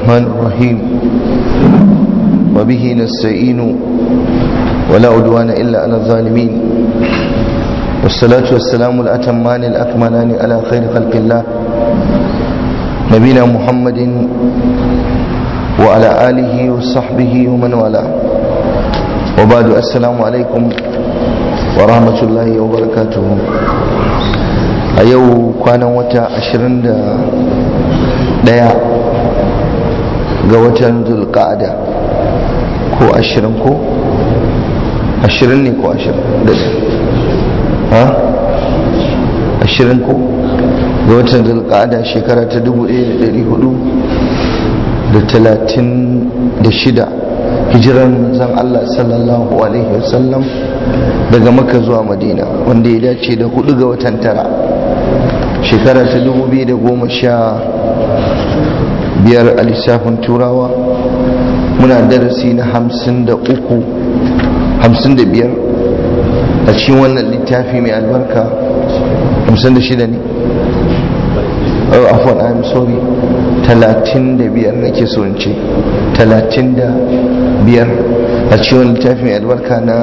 الرحمن الرحيم وبه نستعين ولا عدوان إلا على الظالمين والصلاة والسلام الأتمان الأكملان على خير خلق الله نبينا محمد وعلى آله وصحبه ومن والاه وبعد السلام عليكم ورحمة الله وبركاته a yau kwanan wata 21 ga watan zulqa'ada ko ashirin ko ashirin ne ko ashirin da ha ashirin ko ga watan zulqa'ada shekara ta dubu ɗaya da ɗari hudu da talatin da shida hijiran zan Allah sallallahu alaihi wasallam daga maka zuwa madina wanda ya dace da hudu ga watan tara shekara ta dubu biyu da goma sha biyar a lissafin turawa muna darasi na hamsin da uku hamsin da biyar a cikin wannan littafi mai albarka hamsin da shida ne oh afon i'm sorry talatin da biyar na so ce talatin da biyar a cikin littafi mai albarka na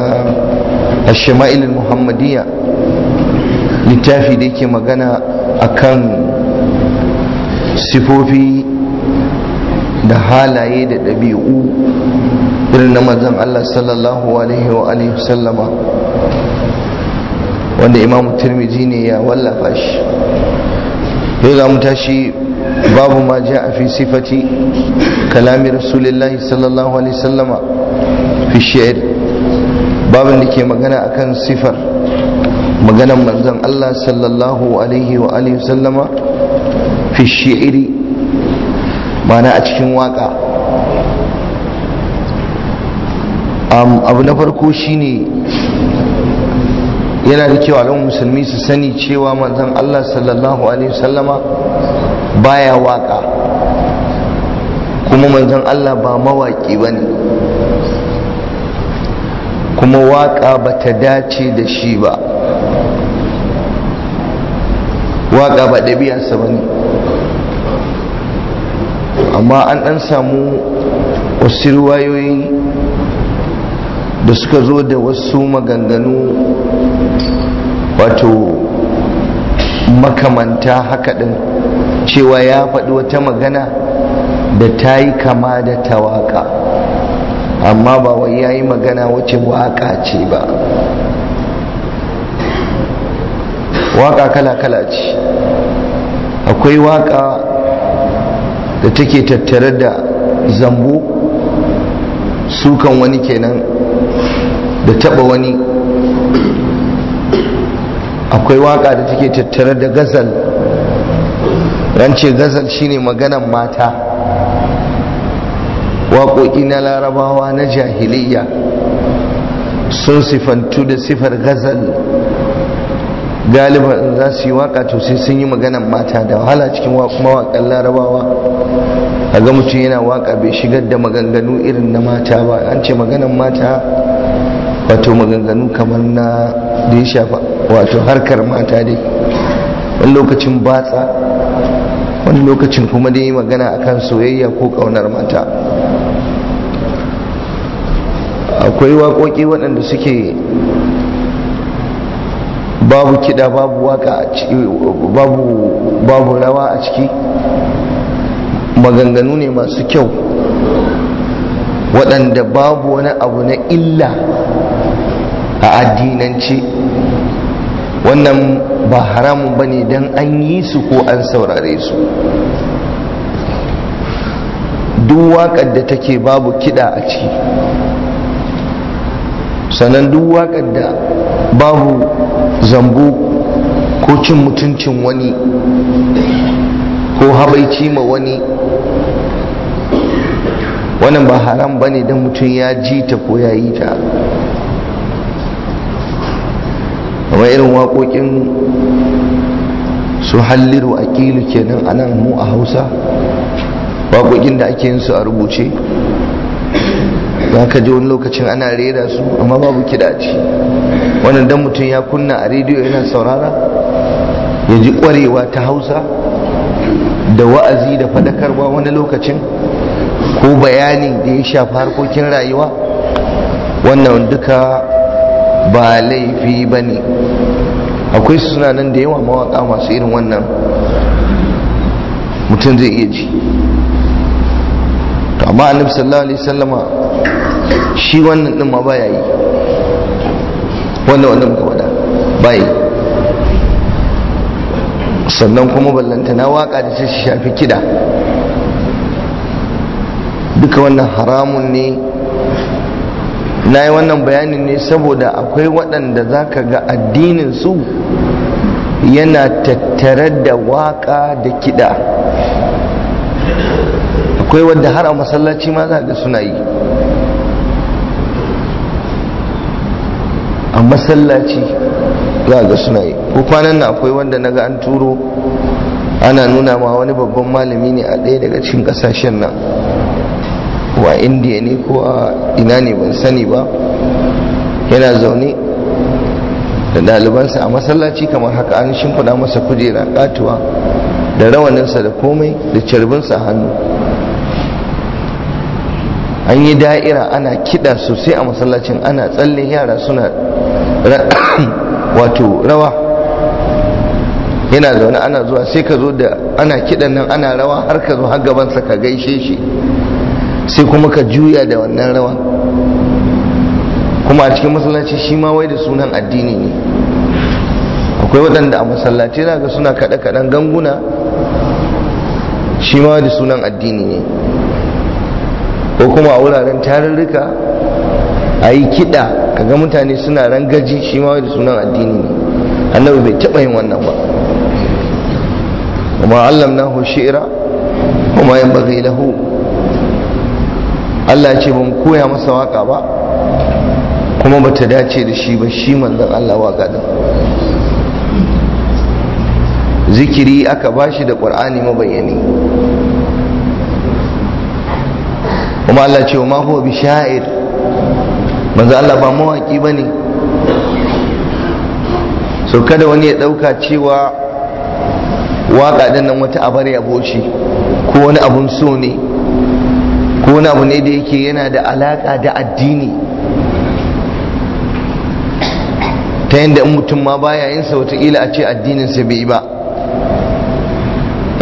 ashima'ilin muhammadiyya littafi da yake magana akan sifofi da halaye da ɗabi'u irin na mazan Allah sallallahu alaihi wa alaihi sallama wanda imam turmiji ne ya wallafa shi yau za mu tashi babu ma ja fi sifati kalami rasulillahi sallallahu alaihi sallama fi shi'ir babin da ke magana akan sifar maganan manzan Allah sallallahu alaihi wa alihi sallama fi shi'iri mana a cikin waka abu na farko shine yana da cewa don musulmi su sani cewa manzon Allah sallallahu alaihi wasallama baya waka kuma manzon Allah ba mawaki ne kuma waka bata dace da shi ba waka ba ɗabi'arsa ne. amma an ɗan samu wasu ruwayoyi da suka zo da wasu maganganu wato makamanta haka din cewa ya faɗi wata magana da ta yi kama da tawaka amma ba wai ya yi magana wace waka ce ba waka kala-kala ce akwai waka da take tattare da zambo sukan wani kenan da taba wani akwai waka da take tattare da gazal ran ce gazal shine maganan mata waƙoƙi na larabawa na jahiliya sun sifantu da sifar gazal galiba za su yi waka to sai sun yi maganan mata da wahala cikin mawakan larabawa a ga mutum yana waka bai shigar da maganganu irin na mata ba an ce maganan mata wato maganganu kamar na da ya shafa wato harkar mata dai wani lokacin batsa wani lokacin kuma dai magana akan soyayya ko kaunar mata akwai waƙoƙi waɗanda suke babu kida babu waka babu babu rawa a ciki maganganu ne masu kyau waɗanda babu wani abu na illa a addinance wannan ba haramun ba ne don an yi su ko an saurare su duk waƙar da take babu kiɗa a ciki sannan duk waƙar da babu zambu ko cin mutuncin wani ko habaici ma wani wannan ba haram ba ne don mutum ya ji ta ko ya yi ta amma irin waƙoƙin su halliru aƙilu kenan a nan mu a hausa waƙoƙin da ake yin su a rubuce za ka ji wani lokacin ana rera su amma babu kida ce wannan dan mutum ya kunna a rediyo yana saurara ya ji kwarewa ta hausa da wa'azi da fadakarwa wani lokacin ko bayani da ya shafi harkokin rayuwa wannan duka ba laifi ba ne akwai suna nan da yawa mawaka masu irin wannan mutum zai iya ji amma annabi sallallahu alaihi sallama shi wannan din ma baya yi wannan wannan muka faɗa baya sannan kuma ballanta na waka da shi shafi kiɗa duka wannan haramun ne na yi wannan bayanin ne saboda akwai waɗanda za ka ga addinin su yana tattare da waƙa da kiɗa akwai wadda har a masallaci ma za ga suna yi a masallaci za ga suna yi ko kwanan na akwai wanda naga an turo ana nuna ma wani babban malami ne a ɗaya daga cikin ƙasashen nan wa indiya ne ko a ina ne ban sani ba yana zaune da ɗalibansa a masallaci kamar haka an shimfiɗa masa kujera katuwa da rawaninsa da komai da carbinsa hannu an yi da'ira ana kiɗa sosai a masallacin ana tsalle yara suna wato rawa yana zaune ana zuwa sai ka zo da ana kiɗan nan ana rawa har ka zo har gabansa ka gaishe shi sai kuma ka juya da wannan rawa kuma a cikin masallaci shi ma wai da sunan addini ne akwai waɗanda a masallaci za ga suna kaɗe-kaɗen ganguna shi ma da sunan addini ne ko kuma a wuraren tarurruka a yi kiɗa kaga mutane suna rangaji shi ma da sunan addini ne annabi bai taɓa yin wannan ba kuma allamnahu shi'ra kuma zai lahu Allah ce ba mu koya masa waka ba kuma ba ta dace da shi ba shi manzan Allah waka din zikiri aka bashi da ƙwar'ani mabayani kuma Allah ce wa ma huwa bi sha'ir manzo Allah ba mawaki bane so kada wani ya ɗauka cewa waka din nan wata abar ya ko wani abun so ne ko wani abu ne da yake yana da alaƙa da addini ta yadda in mutum ma baya yin sa wataƙila a ce addinin sa bai ba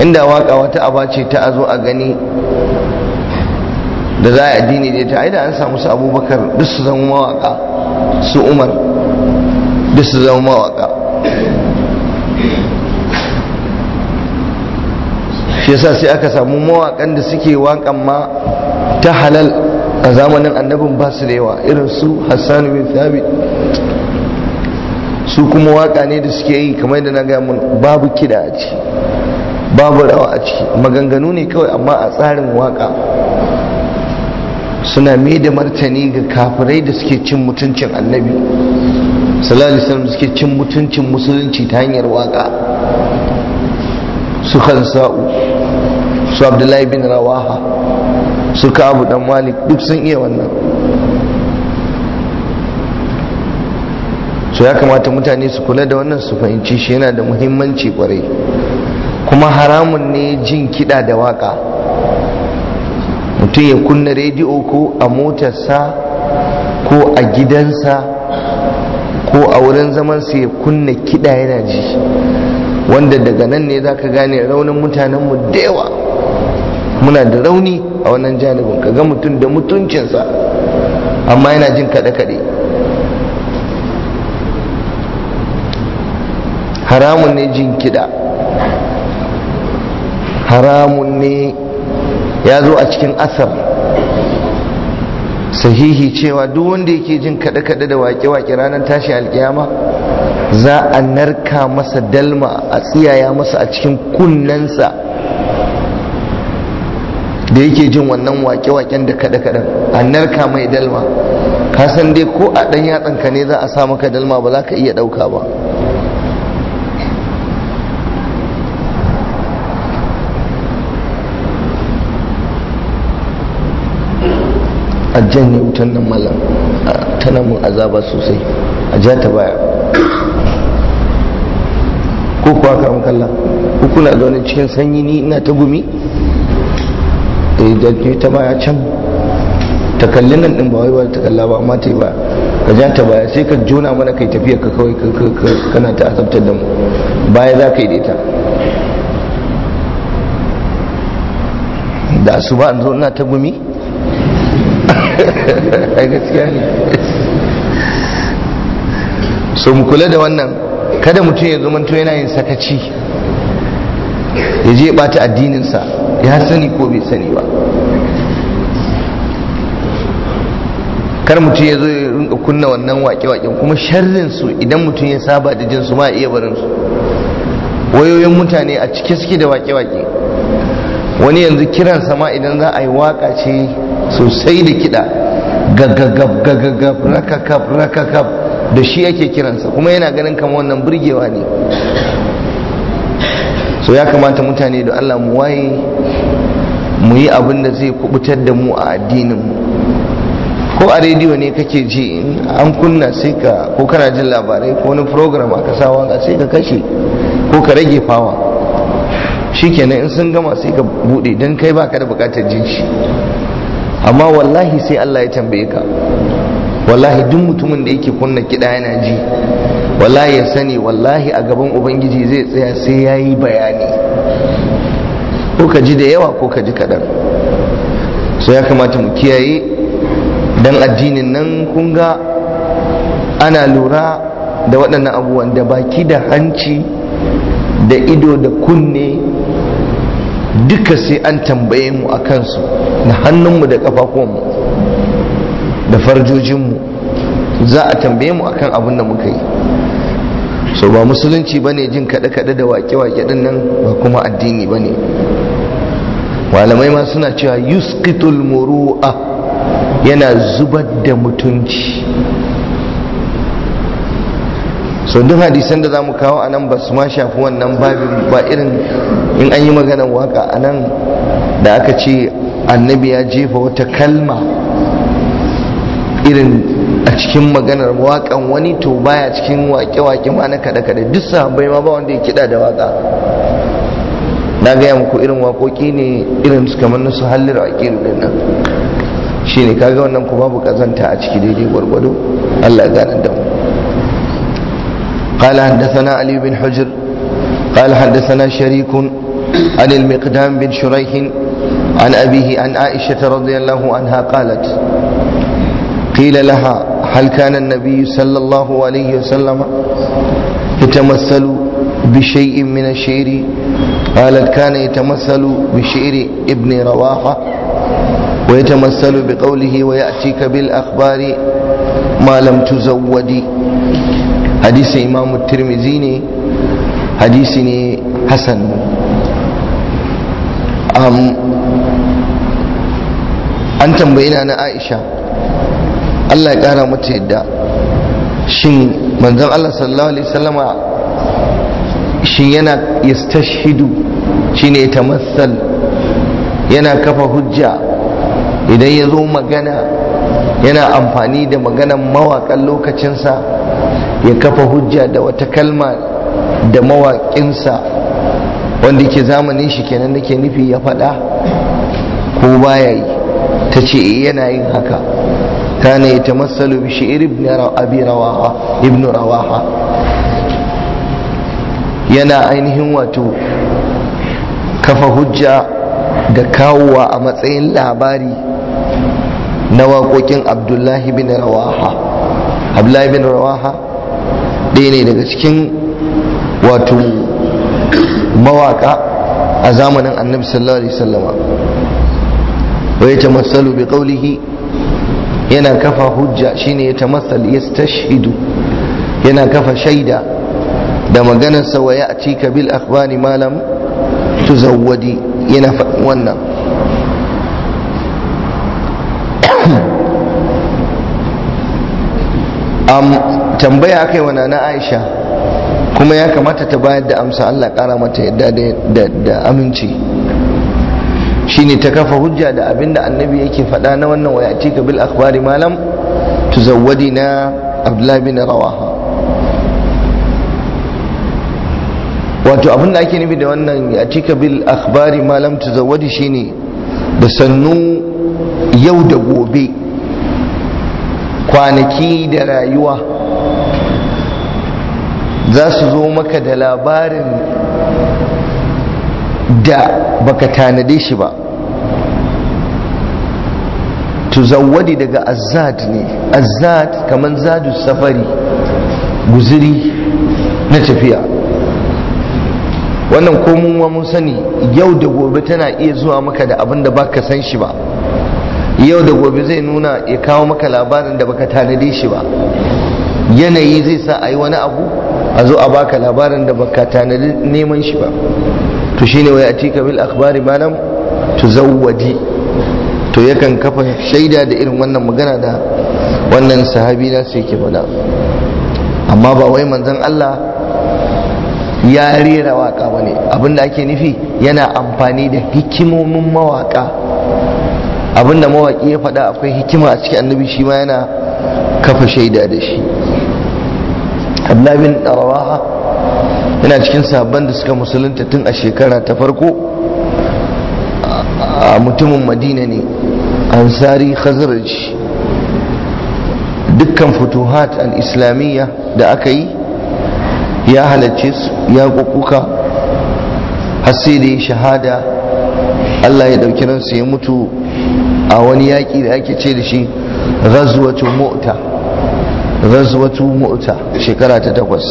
inda waka wata aba ce ta a zo a gani da za a addini da ita aida an samu su abubakar duk su zama mawaka su umar duk su zama mawaka shi yasa sai aka samu mawakan da suke wakan ma ta halal a zamanin annabin ba su da yawa irin su hassan bin thabit su kuma waka ne da suke yi kamar da na gaya mun babu kida a ciki babu rawa a ciki maganganu ne kawai amma a tsarin waka suna mai da martani ga kafirai da suke cin mutuncin annabi sallallahu alaihi suke cin mutuncin musulunci ta hanyar waka su sa'u su abdullahi bin rawaha su ka abu dan malik duk sun iya wannan so ya kamata mutane su kula da wannan su fahimci shi yana da muhimmanci kwarai kuma haramun ne jin kiɗa da waka mutum ya kunna rediyo ko a motarsa ko a gidansa ko a wurin zamansa ya kunna kiɗa yana ji wanda daga nan ne za ka gane raunin mutanenmu da yawa muna da rauni a wannan janibin ka ga mutum da mutuncinsa amma yana jin kaɗe-kaɗe haramun ne jin kiɗa haramun ne ya zo a cikin asar sahihi cewa duk wanda yake jin kaɗe-kaɗe da waƙe-waƙe ranar tashi alƙiyama za a narka masa dalma a tsiyaya masa a cikin kunnensa da yake jin wannan waƙe-waƙen da kaɗe-kaɗen a narka mai dalma ka san dai ko a ɗan yatsanka ne za a sa maka dalma ba za ka iya ɗauka ba a janye wutan nan malam tana mun azaba sosai a ja ta baya ko kuwa ka kalla ko kuna zaune cikin sanyi ni ina ta gumi eh, da da ta baya can ta kalli nan din ba wai ba ta kalla ba amma ta yi ba ka ja ta baya sai ka jona mana kai tafiya ka kawai kana ta asabtar da mu baya za ka yi da ita da asuba an zo ina ta gumi so mu kula da wannan kada mutum ya zumanto yana yin sakaci ya je addininsa ya sani ko bai sani ba kar mutum ya zo ya rinka kunna wannan waƙe-waƙen kuma sharrin su idan mutum ya saba da jinsu ma iya barin su wayoyin mutane a cike suke da waƙe-waƙe wani yanzu kiran sama idan za a yi waka ce sosai da kiɗa gaggagab gaggagab rakakab rakakab da shi ake kiransa kuma yana ganin kama wannan burgewa ne so ya kamata mutane da allah mu waye mu yi abin da zai kubutar da mu a addinin mu ko a rediyo ne kake ji an kunna sai ka ko kana jin labarai ko wani program aka sa waka sai ka kashe ko ka rage fawa shikenan in sun gama sai ka bude dan kai baka da bukatar jinshi. amma wallahi sai Allah ya tambaye ka wallahi duk mutumin da yake kunna kiɗa yana ji wallahi ya sani wallahi a gaban ubangiji zai tsaya sai ya yi bayani ko ka ji da yawa ko ka ji kaɗan so ya kamata mu kiyaye don addinin nan kun ga ana lura da waɗannan abubuwan da baki da hanci da ido da kunne duka sai an tambaye mu a kansu na hannunmu da kafafuwanmu da farjojinmu za a tambaye mu akan abin da muka yi so ba musulunci ba ne jin kaɗe-kaɗe da waƙe-waƙe ɗin nan ba kuma addini ba ne. malamai ma suna cewa yuskitul muru'a yana zubar da mutunci so duk hadisan da za mu kawo a nan ba su ma shafi wannan babin ba irin in an yi maganar waka a nan da aka ce annabi ya jefa wata kalma irin a cikin maganar wakan wani to baya cikin waƙe-waƙe ma na kada kaɗe duk sahabbai ma ba wanda ya kiɗa da waƙa. na gaya muku irin waƙoƙi ne irin su kamar su hallar waƙe ƙirin nan shi ne kaga wannan ku babu ƙazanta a ciki daidai gwargwado allah ganin da قال حدثنا علي بن حجر قال حدثنا شريك عن المقدام بن شريح عن أبيه عن عائشة رضي الله عنها قالت قيل لها هل كان النبي صلى الله عليه وسلم يتمثل بشيء من الشعر قالت كان يتمثل بشعر ابن رواحة ويتمثل بقوله ويأتيك بالأخبار ما لم تزودي hadisin imamu tirmizi ne hadisi ne um, an tambayi na aisha allah ya kara mata yadda shin manzan allah sallallahu alaihi wasallama shin yana yastashhidu shine ta matsal. yana kafa hujja idan ya zo magana yana amfani da maganan mawakan lokacinsa ya kafa hujja da wata kalma da mawaƙinsa wanda ke zamanin shi kenan nake nufi ya faɗa ko baya yi ta ce eh, yana yin haka kana ya tamassalu bi shi'ir ibn ibn rawaha yana ainihin wato kafa hujja da kawowa a matsayin labari na waƙoƙin abdullahi bin rawaha abdullahi bin rawaha ɗaya ne daga cikin wato mawaka a zamanin annabi sallallahu alaihi sallama, wa ya tamassalu bi qawlihi yana kafa hujja shine ya tamassal yastashhidu yana kafa shaida da maganarsa wa ka bil akhbani malam lam tuzawwadi yana wannan um, tambaya kai wa nana aisha kuma ya kamata ta bayar da amsa allah kara mata yadda da aminci shine ta kafa hujja da abin da annabi yake faɗa na wannan waya tika bil akhbari malam tuzawwadi na abdullahi bin rawaha wato abin da ake nufi da wannan ya tika bil akhbari malam tuzawwadi shine da sannu yau da gobe kwanaki da rayuwa za su zo maka da labarin da baka tanade shi ba zawadi daga azad ne azad kamar zadu safari guziri na tafiya wannan komowa mun sani yau da gobe tana iya zuwa maka da abin da baka san shi ba yau da gobe zai nuna ya kawo maka labarin da baka tanade shi ba yanayi zai sa a yi wani abu a zo a baka labarin da baka tanadi neman shi ba to shine wai atika bil akhbari malam lam tuzawwadi to yakan kafa shaida da irin wannan magana da wannan sahabi na sai yake faɗa amma ba wai manzon Allah ya rera waka bane abinda ake nufi yana amfani da hikimomin mawaka abinda mawaki ya faɗa akwai hikima a cikin annabi shi ma yana kafa shaida da shi annabin ɗarawaha rawaha yana cikin sabon da suka musulunta tun a shekara ta farko a mutumin madina ne ansari khazraj dukkan futuhat al-islamiyya da aka yi ya halarci su ya kukuka har sai da ya shahada Allah ya ɗauki ransa ya mutu a wani yaƙi da ake ce da shi ghazwatu mu'ta ghazwatu mu'ta shekara ta takwas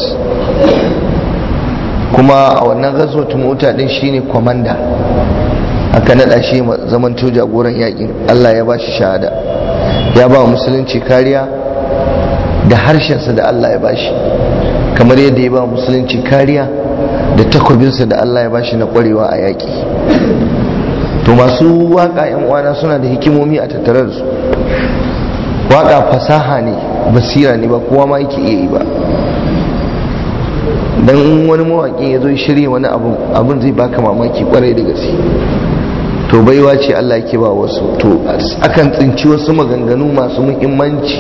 kuma a wannan ghazwatu mu'ta din shine komanda aka nada shi zaman zamanto jagoran yakin Allah ya bashi shahada ya ba musulunci kariya da harshensa da Allah ya bashi kamar yadda ya ba musulunci kariya da sa da Allah ya bashi na kwarewa a yaki to masu waka yan uwana suna da hikimomi a tattare da su waka fasaha ne basira ne ba kowa ma yake iya yi ba dan wani mawaƙi ya zo shirya wani abu abin zai baka mamaki kwarai da gaske to baiwa ce Allah yake ba wasu to akan tsinci wasu maganganu masu muhimmanci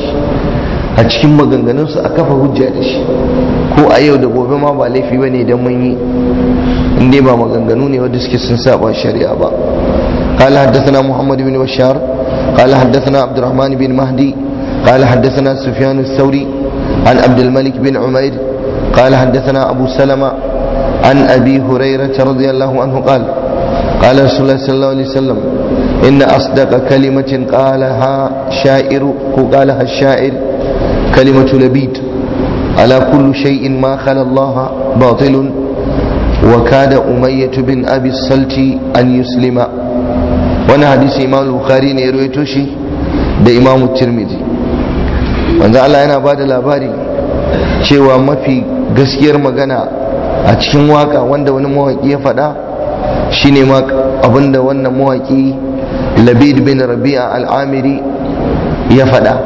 a cikin maganganunsu a kafa hujja da shi ko a yau da gobe ma ba laifi bane don mun yi inda ba maganganu ne wanda suke sun saba shari'a ba قال حدثنا محمد بن بشار قال حدثنا عبد الرحمن بن مهدي قال حدثنا سفيان الثوري عن عبد الملك بن عمير قال حدثنا أبو سلمة عن أبي هريرة رضي الله عنه قال قال رسول الله صلى الله عليه وسلم إن أصدق كلمة قالها شاعر قالها الشاعر كلمة لبيد على كل شيء ما خلا الله باطل وكاد أمية بن أبي الصلت أن يسلم wani hadisi imam bukhari ne ya Toshi shi da imam tirmidhi Wanzu Allah yana ba da labari cewa mafi gaskiyar magana a cikin waka wanda wani mawaki ya faɗa shine ma abinda wannan mawaki labid bin rabi'a al'amiri ya faɗa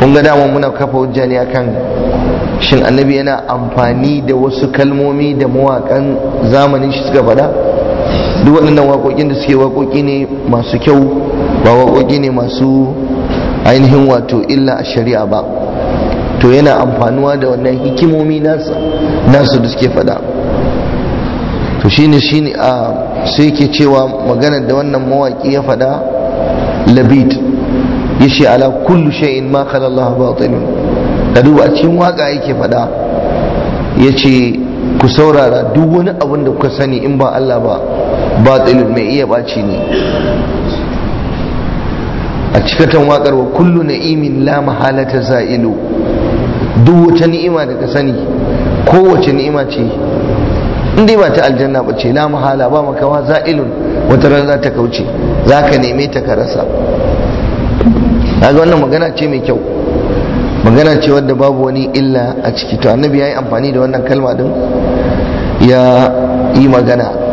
kun ga dama muna kafa hujja ne akan shin annabi yana amfani da wasu kalmomi da mawakan zamanin shi suka faɗa duk waɗannan waƙoƙin da suke waƙoƙi ne masu kyau ba waƙoƙi ne masu ainihin wato illa a shari'a ba to yana amfanuwa da wannan hikimomi nasu da suke faɗa to shine shine a sai ke cewa magana da wannan mawaki ya faɗa labit ya ce ala kullu shay'in ma khala Allah batilun ka duba a cikin waƙa yake faɗa ya ce ku saurara duk wani abin da kuka sani in ba Allah ba batilun mai iya baci ne a cikatan wakar wa kullu na'imin la mahalata za'ilu duk wata ni'ima da ka sani kowace ni'ima ce indai ba ta aljanna ba ce la mahala ba makawa za'ilun wata ran za ta kauce za ka neme ta ka rasa ga wannan magana ce mai kyau magana ce wadda babu wani illa a ciki to annabi ya yi amfani da wannan kalma din ya yi magana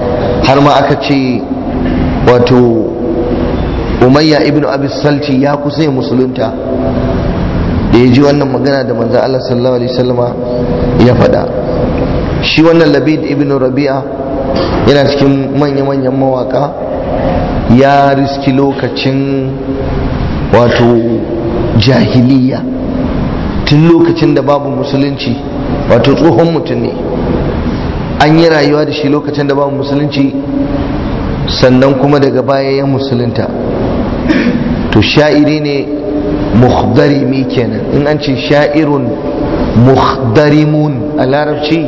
har ma aka ce wato umayya ibn abis salti ya kusa ya musulunta da ya ji wannan magana da manzan Allah sallallahu alaihi ya faɗa shi wannan labid ibn rabi'a yana cikin manya-manyan mawaka ya riski lokacin wato jahiliya tun lokacin da babu musulunci wato tsohon mutum ne an yi rayuwa da shi lokacin da babu musulunci sannan kuma daga baya ya musulunta to sha'iri ne muhdarimi kenan in an ce sha'irun muhdarimun a larabci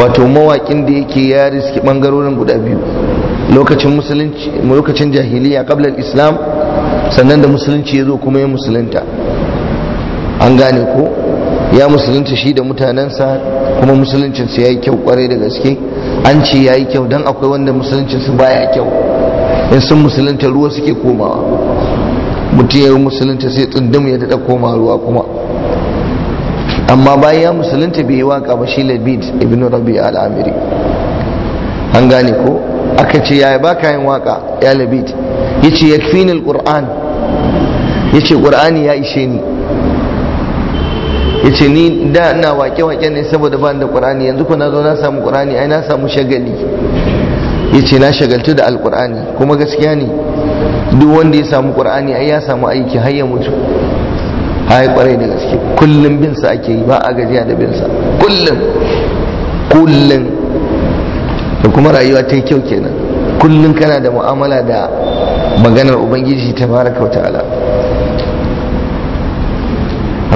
wato mawakin da yake ya riski bangarorin guda biyu lokacin musulunci lokacin jahiliya qabla islam sannan da musulunci ya zo kuma ya musulunta an gane ko ya musulunta shi da mutanensa kuma musuluncinsu ya yi kyau kwarai da gaske an ce ya yi kyau don akwai wanda musuluncinsu baya kyau in sun musulunta ruwa suke komawa mutum ya yi musulunta sai tsundum ya daɗa koma ruwa kuma amma bayan ya musulunta bai yi waka ba shi labid ibn rabi al'amiri an gane ko aka ce ya yi ba kayan waka ya labid ya ce ya fi al-qur'an ya ce ƙur'ani ya ishe ni ya ce ni da na wake-wake ne saboda ba da ƙur'ani yanzu kuna zo na samu ƙur'ani ai na samu shagali ya ce na shagaltu da alƙur'ani kuma gaskiya ne duk wanda ya samu ƙur'ani ai ya samu aiki har ya mutu ai kwarai da gaske kullum bin sa ake yi ba a gajiya da bin sa kullum kullum da kuma rayuwa ta yi kyau kenan kullum kana da mu'amala da maganar ubangiji ta baraka wa ta'ala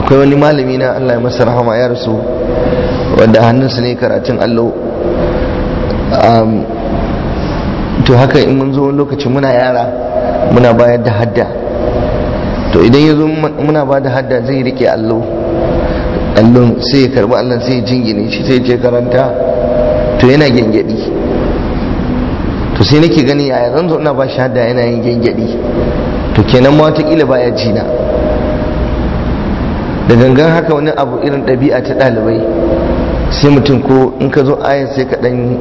akwai wani malami na Allah ya masa rahama ya rasu wanda hannunsa ne karatun allo um, to haka in mun zo lokacin muna yara muna bayar da hadda to idan ya zo muna ba da hadda zai rike allo allon sai ya karbi allon sai ya jingine shi sai je karanta to yana gyangyadi to sai nake gani yaya zan zo ina ba shi hadda yana yin gyangyadi to kenan ma watakila baya jina da gangan haka wani abu irin ɗabi'a ta ɗalibai sai mutum ko in ka zo ayan sai ka ɗan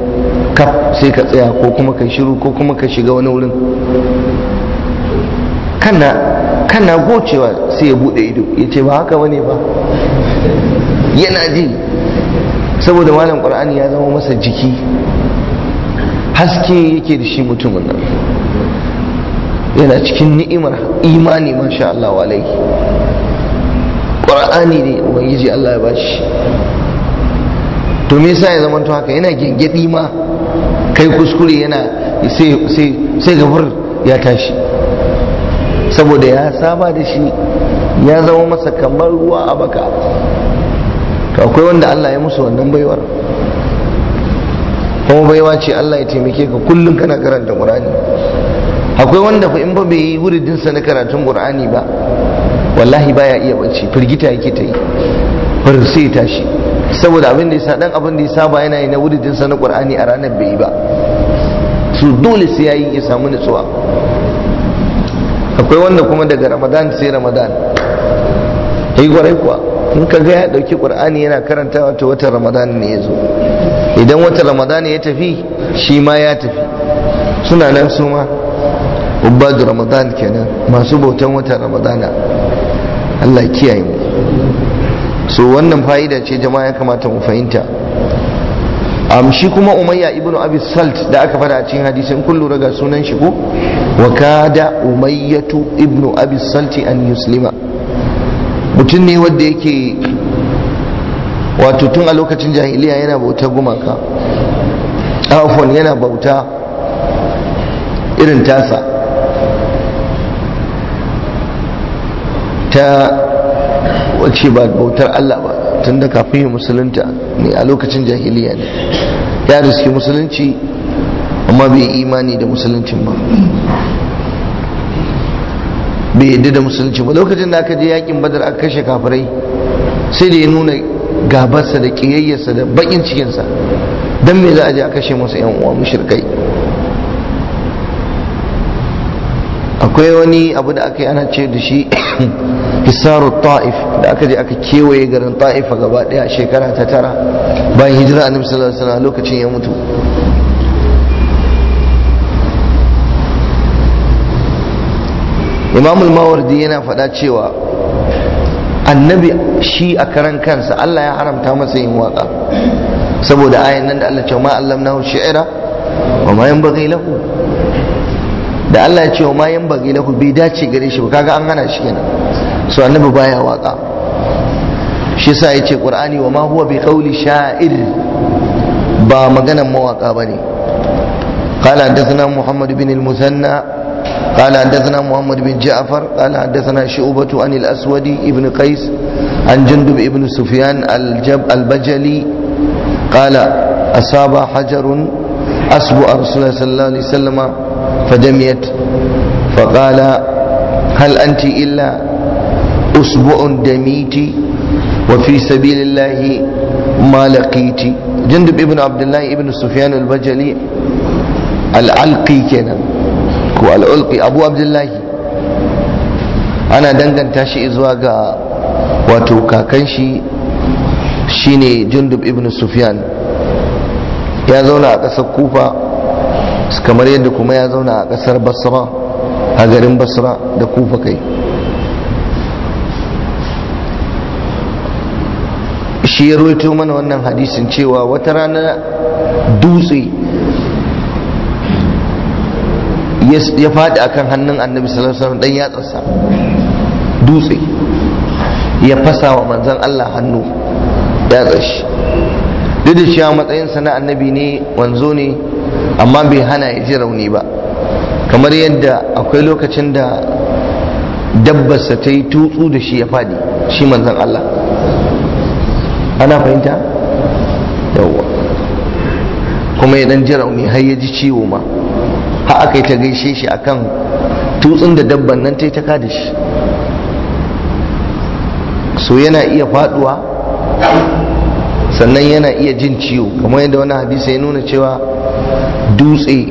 kaf sai ka tsaya ko kuma ka shiru ko kuma ka shiga wani wurin kana gocewa sai ya buɗe ido ya ce ba haka wane ba yana ji saboda malam ƙur'ani ya zama masa jiki haske yake da shi mutumin nan yana cikin ni'imar imani masha Allah walai qur'ani ne ubangiji Allah ya bashi to me yasa ya zama to haka yana gyaggyaɗi ma kai kuskure yana sai sai ya tashi saboda ya saba da shi ya zama masa kamar ruwa a baka to akwai wanda Allah ya musu wannan baiwar kuma baiwa ce Allah ya taimake ka kullum kana karanta Qur'ani akwai wanda fa in ba bai yi wuridinsa na karatun Qur'ani ba wallahi baya iya bacci firgita yake ta yi farin sai tashi saboda abin da yasa dan abin da yasa ba yana yi na wuridin sa na qur'ani a ranar bai yi ba su dole sai yayi ya samu nutsuwa akwai wanda kuma daga ramadan sai ramadan ai eh, gwarai kuwa in ka ga ya dauki qur'ani yana karantawa to watan ramadan ne ya zo idan watan ramadan ya tafi shi ma ya tafi suna nan su ma ubadu ramadan kenan masu bautan watan ramadana Allah kiyaye mu so wannan fa'ida ce jama'a ya kamata mu fahimta Amshi shi kuma umayya ibnu abi salt da aka fada cikin hadisin in kun ga sunan shi ko wa kada umayyatu ibnu abi salt an yuslima mutum ne wanda yake wato tun a lokacin jahiliya yana bauta gumaka afon yana bauta irin tasa ta wace ba bautar Allah ba tun da kafin musulunta ne a lokacin jahiliya ne ya riski musulunci amma bai imani da musuluncin ba bai yadda da musulunci ba lokacin da aka je yakin badar aka kashe kafirai sai da ya nuna gabarsa da kiyayyarsa da bakin cikinsa don me za a je a kashe masa yan uwa mushrikai akwai wani abu da aka yi ana ce da shi hisaru ta'if da aka je aka kewaye garin ta'if a gaba daya shekara ta tara bayan hijira annabi sallallahu alaihi wasallam lokacin ya mutu imamul mawardi yana faɗa cewa annabi shi a karan kansa Allah ya haramta masa yin waka saboda ayan nan da Allah ce ma allamnahu shi'ra wa ma yanbaghi lahu da Allah ya ce wa mayan bagi na ku bi dace gare shi kaga an gana shi kenan so annabi baya waka shi sai yace qur'ani wa ma huwa bi qauli sha'ir ba maganar mawaka bane qala hadathana muhammad ibn al musanna qala hadathana muhammad ibn ja'far qala hadathana shu'batu an aswadi ibn Kais, an jundub ibn sufyan al jab asaba hajarun asbu ar-rasul sallallahu فدميت فقال هل أنت إلا أسبوع دميت وفي سبيل الله ما لقيت جندب ابن عبد الله ابن سفيان البجلي العلقي كان العلقي أبو عبد الله أنا دنجن تاشي إزواغا وتوكا كنشي شيني جندب ابن سفيان يا zauna كسكوفا kamar yadda kuma ya zauna a ƙasar basra a garin basra da kufa kai shi ya roito mana wannan hadisin cewa wata rana dutse ya faɗi akan hannun annabi salasar alaihi wasallam dan yatsarsa dutse ya fasa wa manzan Allah hannu ya tsashi duk da cewa matsayinsa na annabi ne wanzo ne amma bai hana ya ji rauni ba kamar yadda akwai lokacin da dabbarsa ta yi tutsu da shi ya fadi shi manzan Allah ana fahimta yawwa kuma ya dan ji rauni har ya ji ciwo ma har aka yi ta gaishe shi akan tutsun da dabban nan ta yi ta kada shi so yana iya faduwa sannan yana iya jin ciwo kamar yadda wani hadisa ya nuna cewa dutse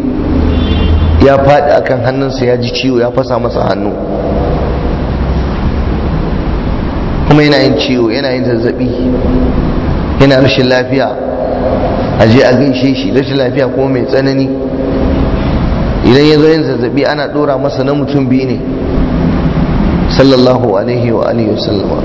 ya faɗi akan hannunsa ya ji ciwo ya fasa masa hannu kuma yana yin ciwo yana yin zazzabi yana rashin lafiya a je a gaishe shi rashin lafiya kuma mai tsanani idan ya zo yin zazzabi ana ɗora masa na mutum biyu ne sallallahu alaihi wa alihi wasallama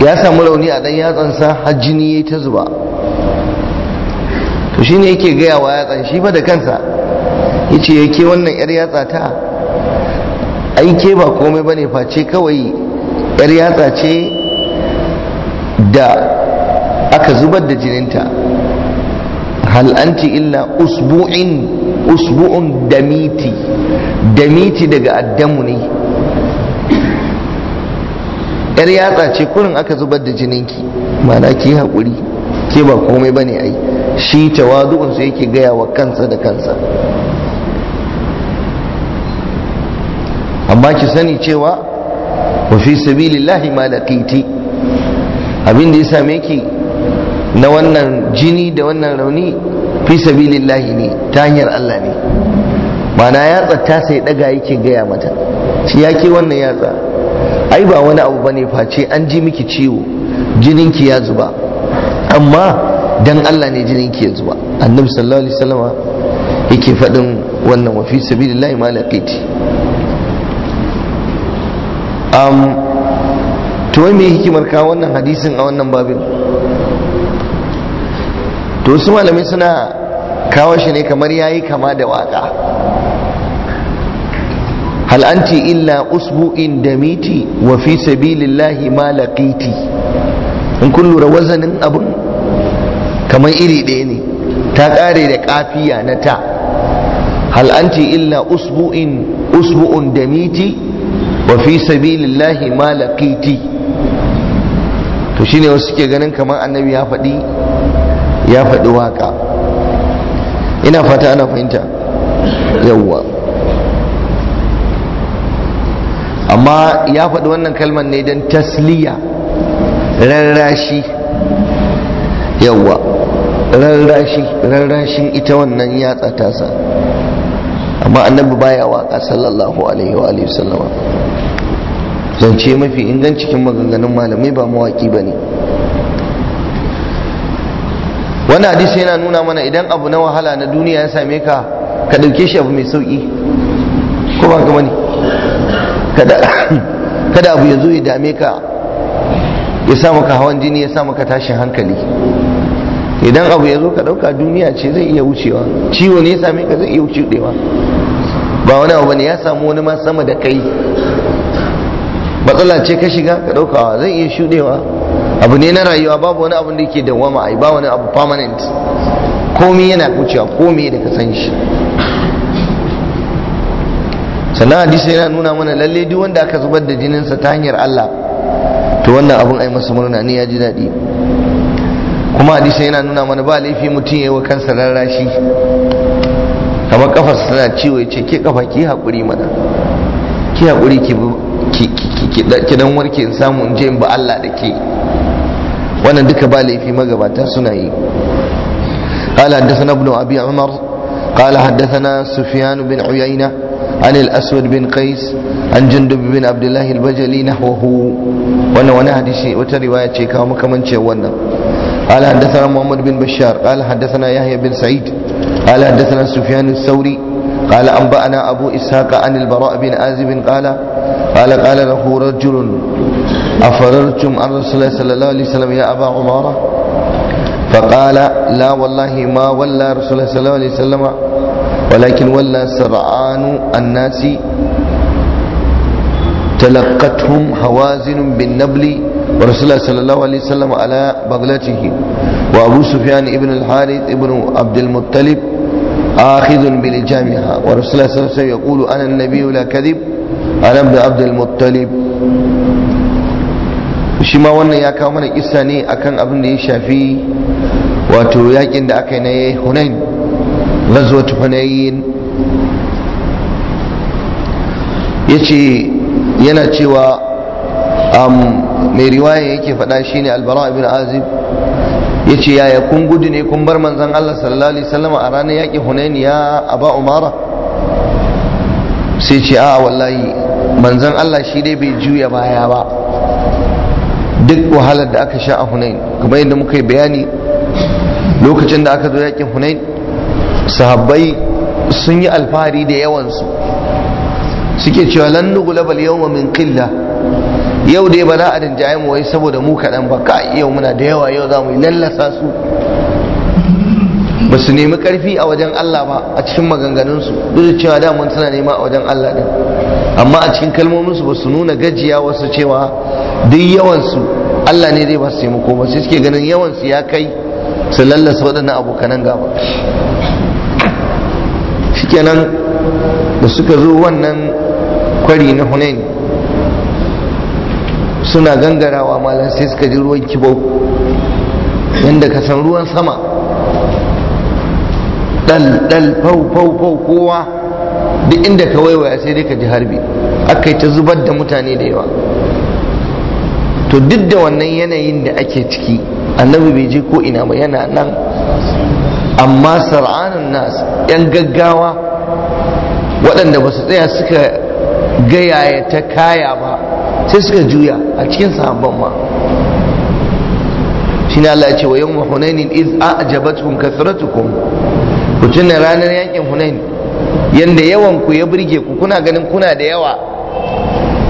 ya samu rauni a dan yatsansa har jini ya ta zuba to shine yake gaya wa yatsan shi ba da kansa Ya yace yake wannan yar yatsa ta aike ba komai ba ne face kawai yar yatsa ce da aka zubar da jininta hal anti illa usbu'in usbu'un damiti damiti daga addamu ne yar yatsa ce kurin aka zubar da jininki mana ki haƙuri ke ba komai ba ne ai shi su yake gaya wa kansa da kansa amma ki sani cewa wa fi sabilillahi ma laqiti abin da ya same ki na wannan jini da wannan rauni fi sabilillahi ne ta hanyar Allah ne mana yatsa ta sai daga yake gaya mata shi yake wannan yatsa ai ba wani abu bane face an ji miki ciwo jininki ya zuba amma dan Allah ne jininki ya zuba annabi sallallahu alaihi wasallam yake faɗin wannan wafi sabilillahi ma laqiti um to wai me hikimar ka wannan hadisin a wannan babin to wasu malamai suna kawo shi ne kamar yayi kama da waka hal anti illa usbu'in miti, wa fi sabilillahi ma laqiti in kun lura wazanin abu kamar iri ɗaya ne ta ƙare da ƙafiya na ta hal anti illa usbu'in usbu'un miti, wa fi sabilillahi ma laqiti to shine wasu suke ganin kamar annabi ya faɗi ya faɗi waka ina fata ana fahimta yawwa amma ya faɗi wannan kalmar ne don tasliya rarrashi yawwa rarrashi rarrashin ita wannan yatsa tasa amma annabi baya waka sallallahu alaihi wa alihi sallama zance mafi cikin maganganun malamai ba mawaƙi ba ne wani hadisi yana nuna mana idan abu na wahala na duniya ya same ka ka ɗauke shi abu mai sauƙi ko ba ka ne kada abu ya zo ya dame ka ya sa maka hawan jini ya sa maka tashin hankali idan abu ya zo ka ɗauka duniya ce zai iya wucewa ciwo ne ya same ka zai iya wucewa ba wani abu ne ya samu wani ma sama da kai matsala ce ka shiga ka ɗaukawa zai iya shuɗewa abu ne na rayuwa babu wani abu da yake dawama ai ba wani abu permanent komi yana wucewa komi da ka san shi sannan hadisi yana nuna mana lalle duk wanda aka zubar da jininsa ta hanyar Allah to wannan abun ai masa murna ne ya ji daɗi kuma hadisi yana nuna mana ba laifi mutum ya yi wa kansa rarrashi kamar kafarsa tana ciwo ya ce ke kafa ki haƙuri mana ki haƙuri ki dan warke in samu in je in ba Allah da ke wannan duka ba laifi magabata suna yi قال حدثنا ابن ابي عمر قال حدثنا سفيان بن عيينه عن الأسود بن قيس عن جندب بن عبد الله البجلي نحوه وانا وانا هديشي وترواية شيكا ومكمن شوانا قال حدثنا محمد بن بشار قال حدثنا يحيى بن سعيد قال حدثنا سفيان الثوري قال أنبأنا أبو إسحاق عن البراء بن آزب قال قال قال له رجل أفررتم عن رسول الله صلى الله عليه وسلم يا أبا عمارة فقال لا والله ما ولى رسول الله صلى الله عليه وسلم ولكن ولى سرعان الناس تلقتهم هوازن بالنبل ورسول الله صلى الله عليه وسلم على بغلته وأبو سفيان ابن الحارث ابن عبد المطلب آخذ بلجامها ورسول الله صلى الله عليه وسلم يقول أنا النبي لا كذب أنا ابن عبد المطلب shi ma wannan ya kawo mana kissa ne akan abin da ya shafi wato yakin da aka yi na hunain غزوة حنين يتي yana cewa mai riwaya yake faɗa shine albara ibn azib ya ce yaya kun gudu ne kun bar manzan Allah sallallahu alaihi wasallam a ranar yaƙi hunaini ya aba umara sai ce a wallahi manzan Allah shi dai bai juya baya ba duk wahalar da aka sha a hunain kamar yadda muka yi bayani lokacin da aka zo yaƙin hunain sahabbai sun yi alfahari da yawansu suke cewa lan nughlabal yawma min qilla yau dai ba za a rinjaye mu wai saboda mu kaɗan ba ka yau muna da yawa yau za mu yi lallasa su ba su nemi ƙarfi a wajen Allah ba a cikin maganganunsu duk da cewa da mun suna nema a wajen Allah ɗin amma a cikin kalmominsu ba su nuna gajiya wasu cewa duk yawansu Allah ne zai ba su taimako ba sai suke ganin yawansu ya kai su lallasa waɗannan abokanan gaba shikenan da suka zo wannan kwari na hunain suna gangarawa malam sai suka ji ruwan kibau yadda ka san ruwan sama dal dal fau fau fau kowa duk inda ka waiwaya sai dai ka ji harbi aka yi ta zubar da mutane da yawa to duk da wannan yanayin da ake ciki annabi bai je ko ina ba yana nan amma sar'anan nas yan gaggawa waɗanda ba su tsaya suka gayaya ta kaya ba sai suka juya a cikin sahabban ma shine Allah ya ce wa yawma hunainin iz a'jabatkum kathratukum ku ranar yakin hunain yanda yawan ku ya burge ku kuna ganin kuna da yawa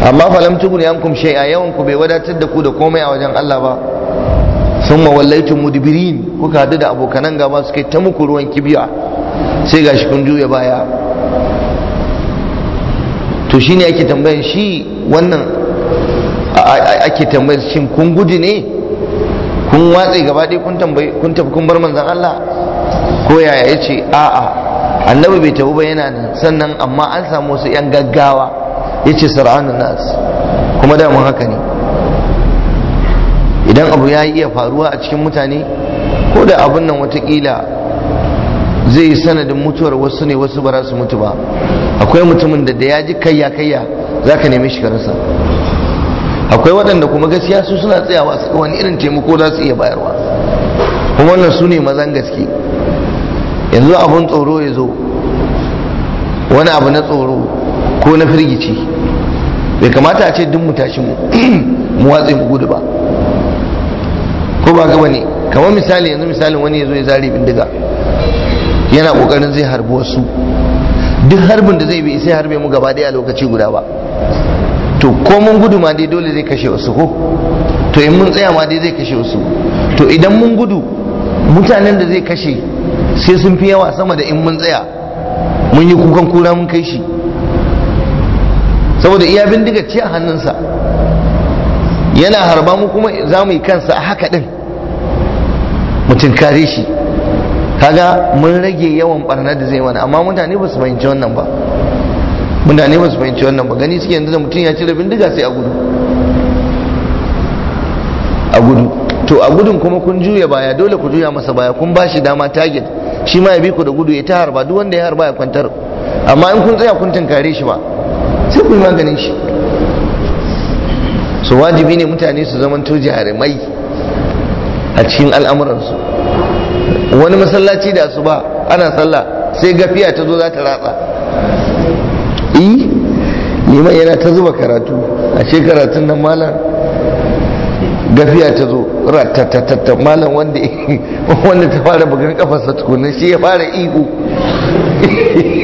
amma falam yankun sha'i shay'a yawan ku bai wadatar da ku da komai a wajen Allah ba sun mawallaitu mudibirin kuka haɗu da abokanan gaba suka ta muku ruwan kibiya sai ga shi kun juya baya to shi ne ake tambayan shi wannan ake tambayan shin kun gudu ne kun watse gaba ɗaya kun tafi kun bar manzan Allah ko yaya ya ce a'a annabi bai tafi ba yana nan sannan amma an samu wasu 'yan gaggawa ya ce sar'anun nas kuma damun haka ne idan abu ya iya faruwa a cikin mutane ko da abin nan watakila zai yi sanadin mutuwar wasu ne wasu ba su mutu ba akwai mutumin da da ya ji kayya kayya za ka nemi rasa. akwai waɗanda kuma gaskiya su suna tsayawa su wani irin taimako za su iya bayarwa kuma wannan su ne mazan gaske yanzu abin tsoro ya zo wani abu na tsoro ko na firgici bai kamata a ce duk mu tashi mu watse mu gudu ba ko ba gaba ne kamar misali yanzu misalin wani ya zo ya zare bindiga yana kokarin zai harbi wasu duk harbin da zai bi sai harbe mu gaba daya lokaci guda ba to ko mun gudu ma dai dole zai kashe wasu ko to in mun tsaya ma dai zai kashe wasu to idan mun gudu mutanen da zai kashe sai sun fi yawa sama da in mun tsaya mun yi kukan kura mun kai shi saboda iya bindiga ce a hannunsa yana harba mu kuma za mu yi kansa a haka din mutum kare shi kaga mun rage yawan barna da zai mana amma mutane ba su fahimci wannan ba mutane ba su fahimci wannan ba gani suke yanzu da mutum ya cire bindiga sai a gudu a gudu to a gudun kuma kun juya baya dole ku juya masa baya kun bashi dama target shi ma ya bi ku da gudu ya ta harba duk wanda ya harba ya kwantar amma in kun tsaya kun tunkare shi ba sai ku yi maganin shi su wajibi ne mutane su zamanto jarumai a cikin al'amuransu wani masallaci da su ba ana sallah sai gafiya ta zo za ta ratsa yi liman yana ta zuba karatu a shekaratun nan malam gafiya ta zo ratatatatta malam wanda wanda ta fara bugan kafarsa tukunan shi ya fara iko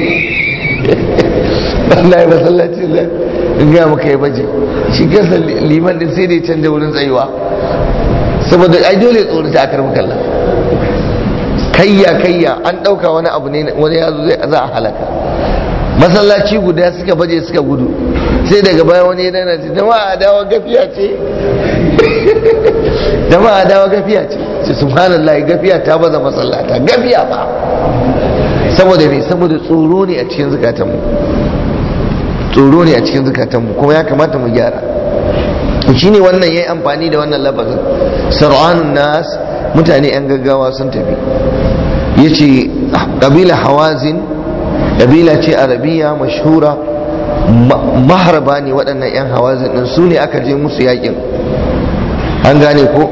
Allah ya masallaci zai in maka yi baje shi gasa liman din sai da ya canja wurin tsayuwa saboda ai dole ya tsorata a karbi kalla kayya kayya an ɗauka wani abu ne wani ya zo za a halaka masallaci guda suka baje suka gudu sai daga baya wani ya dana ce a dawa gafiya ce a dawa gafiya ce sai subhanallah gafiya ta baza masallata gafiya ba saboda ne saboda tsoro ne a cikin zukatanmu tsoro ne a cikin zukatanmu kuma ya kamata mu gyara shi ne wannan ya yi amfani da wannan labarin sar'anun nas mutane 'yan gaggawa sun tafi ya ce ƙabila hawazin ƙabila ce arabiya mashura maharba ne waɗannan 'yan hawazin ɗin su ne aka je musu yakin an gane ko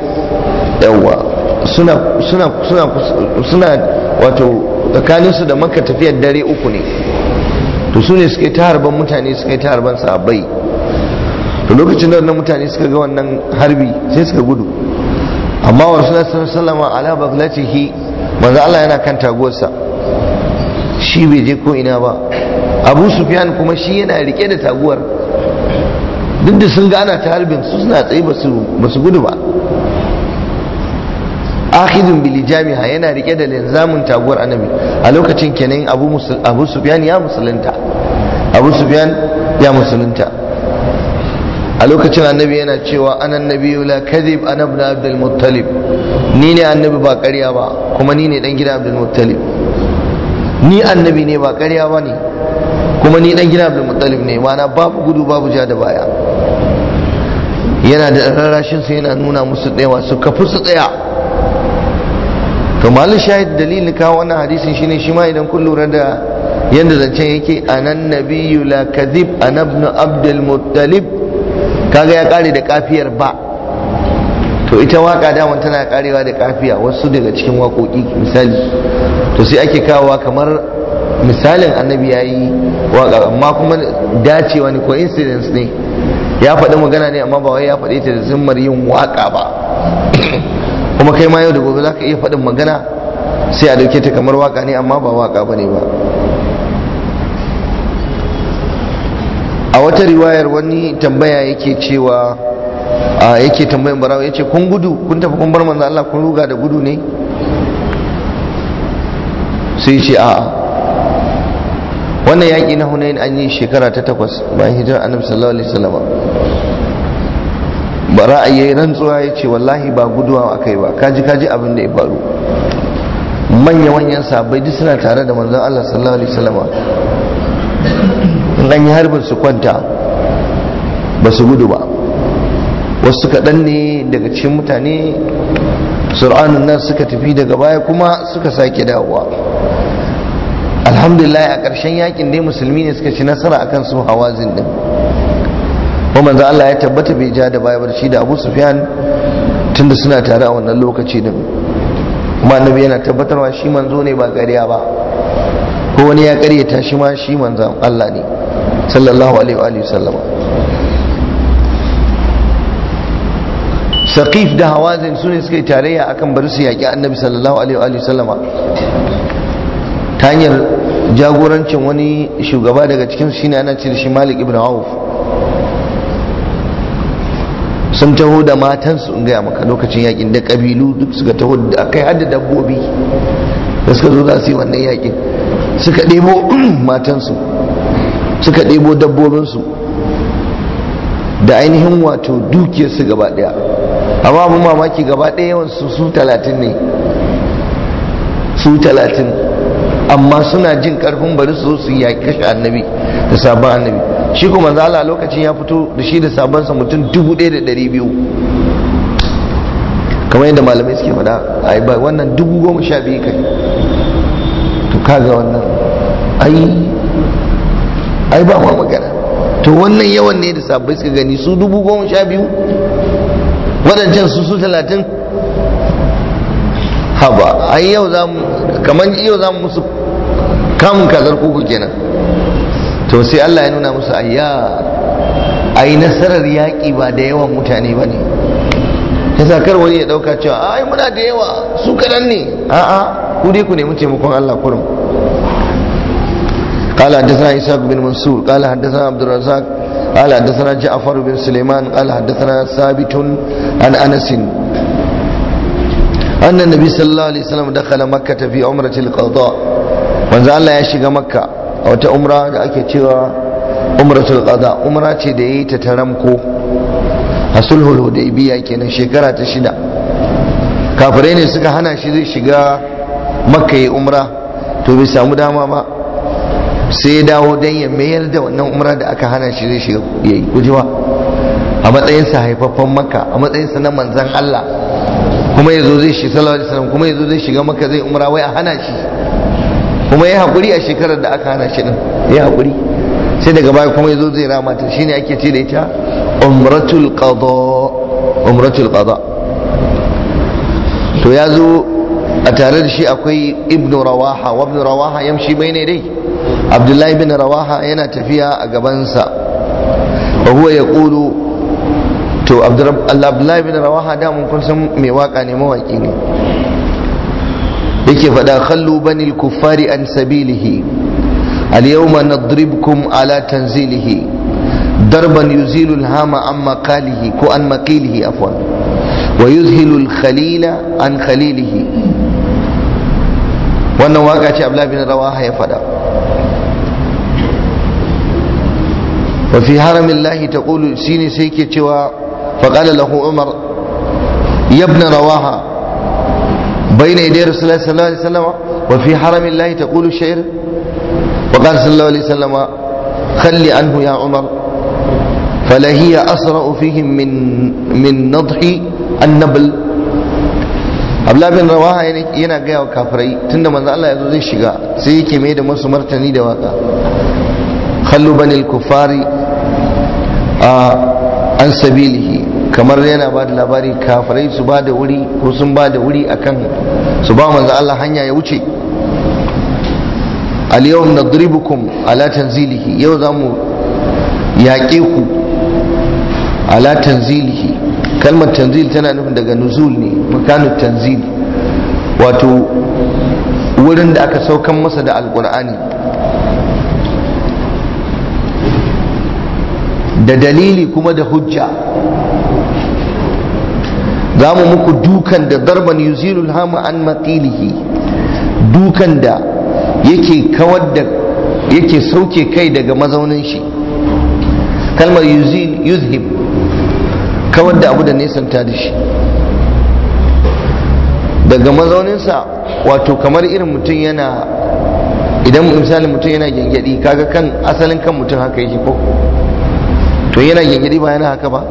yawwa suna wato tsakaninsu da maka tafiyar dare uku ne to su ne suka yi ta harban mutane suka yi ta harban sahabbai to lokacin da wannan mutane suka ga wannan harbi sai suka gudu amma wa rasulullahi sallama ala baglatihi manzo Allah yana kan taguwarsa shi bai je ko ina ba Abu Sufyan kuma shi yana rike da taguwar duk da sun ga ana ta harbin su suna tsaye ba su gudu ba akhidun bili jami'a yana rike da linzamin taguwar annabi a lokacin kenan abu abu sufyan ya musulunta abu sufyan ya musulunta a lokacin annabi yana cewa anan nabi la kadhib ana ibn abdul muttalib ni ne annabi ba ƙarya ba kuma ni ne dan gida abdul muttalib ni annabi ne ba ƙarya ba ne kuma ni dan gida abdul muttalib ne mana babu gudu babu ja da baya yana da rarrashin su yana nuna musu tsayawa su kafu su tsaya to malin shahid dalilin kawo wannan hadisin shine shi ma idan kun lura da yadda zancen yake anan nabiyu la kadhib anabnu abdul muttalib kaga ya kare da kafiyar ba to ita waka daman tana karewa da kafiya wasu daga cikin wakoki misali to sai ake kawowa kamar misalin annabi ya yi waka amma kuma dacewa wani coincidence ne ya faɗi magana ne amma ba wai ya faɗi ta da zimmar yin waka ba kuma kai ma yau da gobe za ka iya faɗin magana sai a dauke ta kamar waka ne amma ba waka bane ba a wata riwayar wani tambaya yake cewa a yake tambayin barawa yace kun gudu kun tafi kun bar manzo Allah kun ruga da gudu ne sai ce a'a wannan yaƙi na hunayin an yi shekara ta takwas bayan hijirar annabi sallallahu alaihi wasallam ba ra'ayi rantsuwa ya ce wallahi ba guduwa akai ba kaji kaji abin da ya faru manya manyan sabai duk suna tare da manzon Allah sallallahu alaihi wasallam in an yi harbin su kwanta ba su gudu ba wasu kaɗan ne daga cikin mutane sur'anun nan suka tafi daga baya kuma suka sake dawowa alhamdulillah a ƙarshen yakin dai musulmi ne suka ci nasara akan su hawazin din kuma manzo Allah ya tabbata bai ja da baya barci da Abu Sufyan tunda suna tare a wannan lokaci din kuma annabi yana tabbatarwa shi manzo ne ba gariya ba ko wani ya karyata shi ma shi manzon Allah ne sallallahu alaihi wa sallam saqif da hawazin su ne suka yi tarayya akan bari su yaƙi annabi sallallahu alaihi wa ta hanyar jagorancin wani shugaba daga cikin shine ana cire shi malik ibn auf sun taho da matansu in gaya maka lokacin yakin da kabilu duk suka taho da akai hadda dabbobi da suka zo za su yi wannan yakin suka ɗebo matansu suka ɗebo dabbobinsu da ainihin wato dukiyarsu gaba ɗaya amma mu mamaki gaba ɗaya yawan su su talatin ne su talatin amma suna jin karfin bari su su yi yaƙi kashe annabi da sabon annabi shi kuma zala lokacin ya fito da shi da sabonsa mutum dubu ɗaya da ɗari biyu kamar yadda malamai suke faɗa a ba wannan dubu goma sha biyu kai to kaga wannan ai ai ba ma magana to wannan yawan ne da sabbai suka gani su dubu goma sha biyu waɗancan su su talatin haba ai yau za mu kamar yau za mu musu kamun kazar kuku kenan to sai Allah ya nuna musu ayya ai nasarar yaƙi ba da yawan mutane ba ne ta kar wani ya ɗauka cewa ai muna da yawa su kaɗan ne a'a ku dai ku nemi taimakon Allah kurum قال حدثنا إسحاق بن منصور قال حدثنا عبد الرزاق قال حدثنا جعفر بن سليمان قال حدثنا ثابت عن أنس أن النبي صلى الله عليه وسلم دخل مكة في عمرة القضاء manzo Allah ya shiga makka a wata umra da ake cewa umratul qada umra ce da yayi ta taramko a sulhul hudaybiya kenan shekara ta shida kafirai ne suka hana shi zai shiga makka yi umra to bai samu dama ba sai ya dawo don ya mayar da wannan umara da aka hana shi zai shiga ya yi kujewa a matsayinsa haifaffen maka a matsayinsa na manzan Allah kuma ya zo zai shi sallallahu alaihi kuma ya zo zai shiga maka zai umara, wai a hana shi kuma ya haƙuri a shekarar da aka hana shi din ya haƙuri sai daga baya kuma ya zo zai rama ta shine ake ce da ita umratul qada umratul qada to ya zo a tare da shi akwai ibnu rawaha wa ibnu rawaha yamshi bai ne dai abdullahi bin rawaha yana tafiya a gabansa wa huwa yaqulu to abdullahi bin rawaha kun san mai waka ne mawaki ne yake faɗa kallu bani kuffari an sabilihi al nadribkum ala tanzilihi darban yuzilu al an ko an afwan wa yuzhilu al an khalilihi wannan waka ce abdullahi bin rawaha ya faɗa wa fi haramin lahi ta kulu shi ne sai ke cewa faƙala lahu umar yabna rawaha bai na idai rasulullah sallallahu alaihi wasallama wa fi haramin lahi ta kulu shayar wa ƙar sallallahu alaihi wasallama khalli anhu ya umar فلهي أسرع فيهم من من نضح النبل abla bin rawaha yana gaya wa kafirai tunda manzo Allah yazo zai shiga sai yake mai da musu martani da waka Kallu banil kufari an sabilihi kamar yana ba da labari kafirai su ba da wuri ko sun ba da wuri akan su ba manzo Allah hanya ya wuce al-yawm nadribukum ala tanzilihi yau zamu yaƙe ku ala tanzilihi kalmar tanzil tana nufin daga nuzul ne makanu tanzil wato wurin da aka saukan masa da alqur'ani da dalili kuma da hujja za mu muku dukan da darban yuzirul hama an matilihi dukan da yake kawar da yake sauke kai daga mazaunin shi kalmar yuzhib kawar da abu da nesanta da shi daga mazauninsa wato kamar irin mutum yana idan misali mutum yana gyangyadi kaga kan asalin kan mutum haka yake ko to yana gingiri ba yana haka ba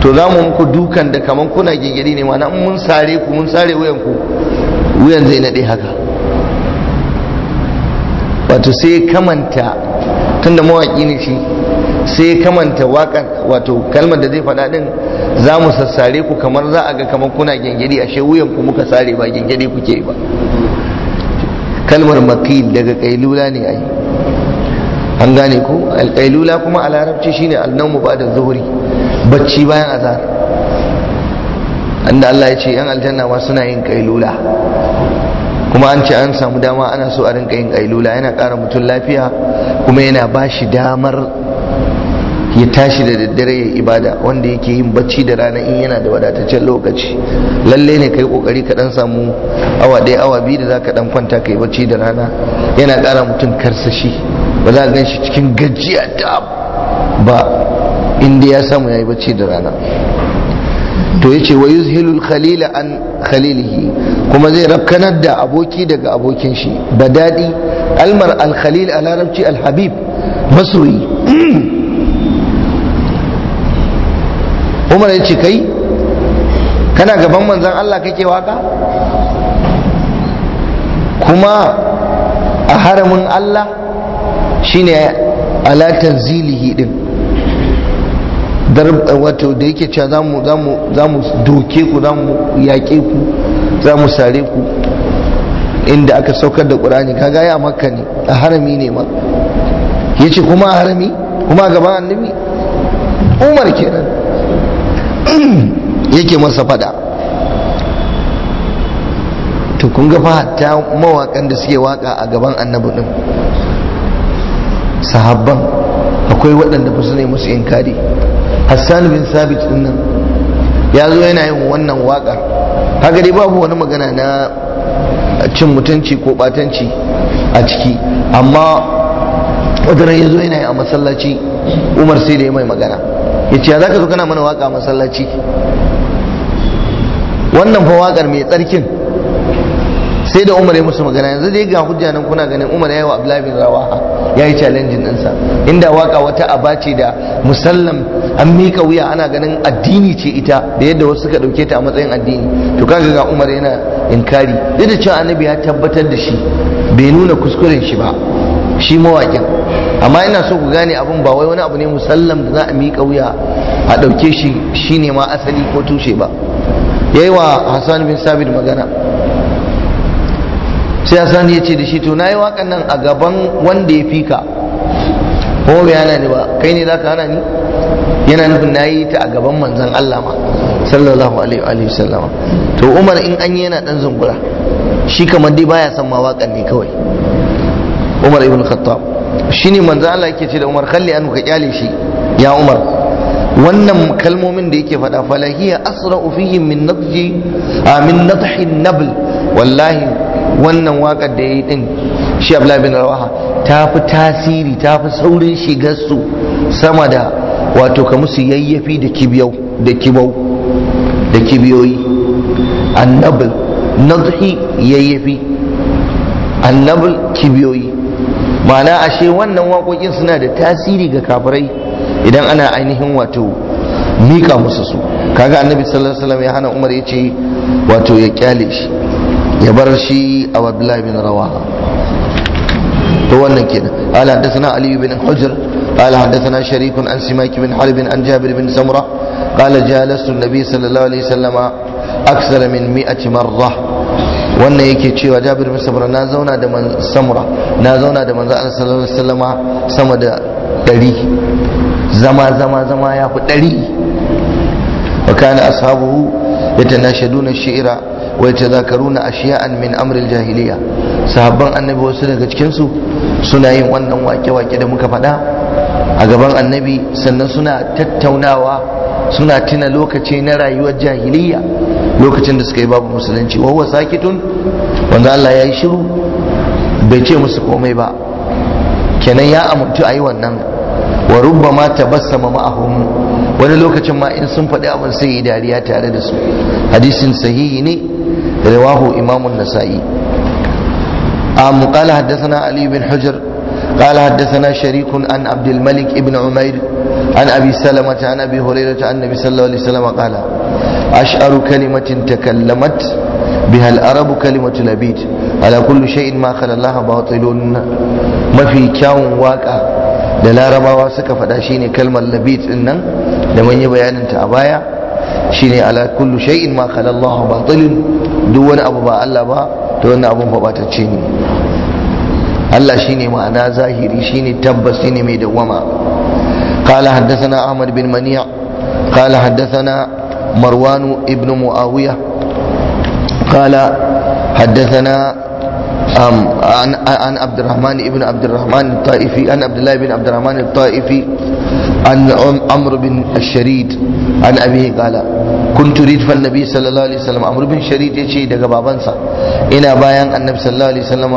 to za mu muku dukan da kaman kuna gingiri ne mana mun sare ku mun sare wuyan ku wuyan zai nade haka wato sai kamanta da mawaki ne shi sai kamanta wakan wato kalmar da zai faɗa din za mu sassare ku kamar za a ga kamar kuna gingiri ashe wuyan ku muka sare ba gingiri kuke ba kalmar makil daga kailula ne ai an gane ko alƙailula kuma a larabci shine annan ba da zuhuri bacci bayan azhar inda Allah ya ce yan aljanna ma suna yin ƙailula kuma an ce an samu dama ana so a rinka yin ƙailula yana ƙara mutum lafiya kuma yana ba shi damar ya tashi da daddare ya ibada wanda yake yin bacci da rana in yana da wadataccen lokaci lalle ne kai kokari ka dan samu awa ɗaya awa biyu da zaka dan kwanta kai bacci da rana yana ƙara mutum karsashi ba za a gan shi cikin gajiya ta ba inda ya samu ya yi bacci da rana to ya ce wa zhilul khalila an khalilihi kuma zai rafkanar da aboki daga abokin shi ba daɗi almar alkhalil a larabci alhabib masoyi umar ya ce kai kana gaban manzan allah kake waka kuma a haramin allah shine ala tanzilihi din wato da yake cewa za mu doke ku za mu yaƙe ku za mu sare ku inda aka saukar da qur'ani kaga ya makka ne a harami ne ma ya ce kuma a harami kuma gaban annabi umar kenan yake masa fada to kun ga fa hatta mawakan da suke waka a gaban annabi din sahabban akwai waɗanda ba su ne musu inkari hassan bin sabit din nan ya zo yana yin wannan waƙa haka dai babu wani magana na cin mutunci ko batanci a ciki amma wata ya zo yana yi a masallaci umar sai da ya mai magana ya ce ya za ka zo kana mana waƙa masallaci wannan fa waƙar mai tsarkin sai da umar ya musu magana yanzu dai ga hujja nan kuna ganin umar ya yi wa abdullahi bin rawaha yi challenge din ɗinsa inda waka wata aba ce da musallam an mika wuya ana ganin addini ce ita da yadda wasu suka ɗauke ta a matsayin addini to kaga ga umar yana inkari duk da cewa annabi ya tabbatar da shi bai nuna kuskuren shi ba shi mawaƙin amma ina so ku gane abin ba wai wani abu ne musallam da za a miƙa wuya a ɗauke shi shine ma asali ko tushe ba yayi wa hassan bin sabit magana sai Hassan ya ce da shi to nayi wakan nan a gaban wanda ya fika ko bai yana ni ba kai ne zaka hana ni yana nufin nayi ta a gaban manzon Allah ma sallallahu alaihi wa sallama to Umar in an yi yana dan zungura shi kamar dai baya son ma wakan ne kawai Umar ibn Khattab shine manzon Allah yake ce da Umar kalli an ka kyale shi ya Umar wannan kalmomin da yake faɗa falahiya asra'u fihim min nadji a min nadhin nabl wallahi wannan wakar da ya yi din shi abu labin rawaha ta fi tasiri ta fi saurin shigar su sama da wato ka musu yayyafi da kibiyau da kibau da kibiyoyi annabul nadhi yayyafi annabul kibiyoyi ma'ana ashe wannan waƙoƙin suna da tasiri ga kafirai idan ana ainihin wato mika musu su kaga annabi sallallahu alaihi wasallam ya hana umar ya ce wato ya kyale shi ya bar shi a abdullahi bin rawa to wannan kenan قال حدثنا علي بن حجر قال حدثنا شريك عن سماك بن حرب عن جابر بن سمرة قال جالست النبي صلى alaihi عليه وسلم أكثر من مئة wannan yake cewa jabir bin samura na zauna da man samura na zauna da manzo Allah sallallahu alaihi wasallama sama da dari zama zama zama ya fi dari wa kana ashabuhu yatanashaduna shi'ra wa yatazakaruna ashiya'an min amril jahiliya sahabban annabi wasu daga cikinsu suna yin wannan wake-wake da muka faɗa a gaban annabi sannan suna tattaunawa suna tuna lokaci na rayuwar jahiliya lokacin da suka yi babu musulunci wa sakitun wanda Allah ya yi shiru bai ce musu komai ba kenan ya amintu a yi wannan wa rubba ma tabassama ma'ahun wani lokacin ma in sun faɗi abin sai yi dariya tare da su hadisin sahihi ne رواه إمام النسائي أم قال حدثنا علي بن حجر قال حدثنا شريك عن عبد الملك بن عمير عن أبي سلمة عن أبي هريرة عن النبي صلى الله عليه وسلم قال أشعر كلمة تكلمت بها العرب كلمة لبيد على كل شيء ما خلى الله باطل ما في كاون واقع da larabawa suka faɗa shine kalmar labid din nan da mun yi bayanin ta a baya shine ala kullu shay'in ma khala Allah batilun duk wani abu ba Allah ba to wannan abun fa batacce ne Allah shine ma'ana zahiri shine tabbas shine mai dawama قال حدثنا أحمد بن منيع قال حدثنا مروان ابن معاوية قال حدثنا عن عبد الرحمن ابن عبد الرحمن الطائفي عن عبد الله بن عبد الرحمن الطائفي عن عمرو بن الشريد عن أبيه قال كنت ردف النبي صلى الله عليه وسلم عمرو بن الشريد يجي دقا بابنسا إنا بايان النبي صلى الله عليه وسلم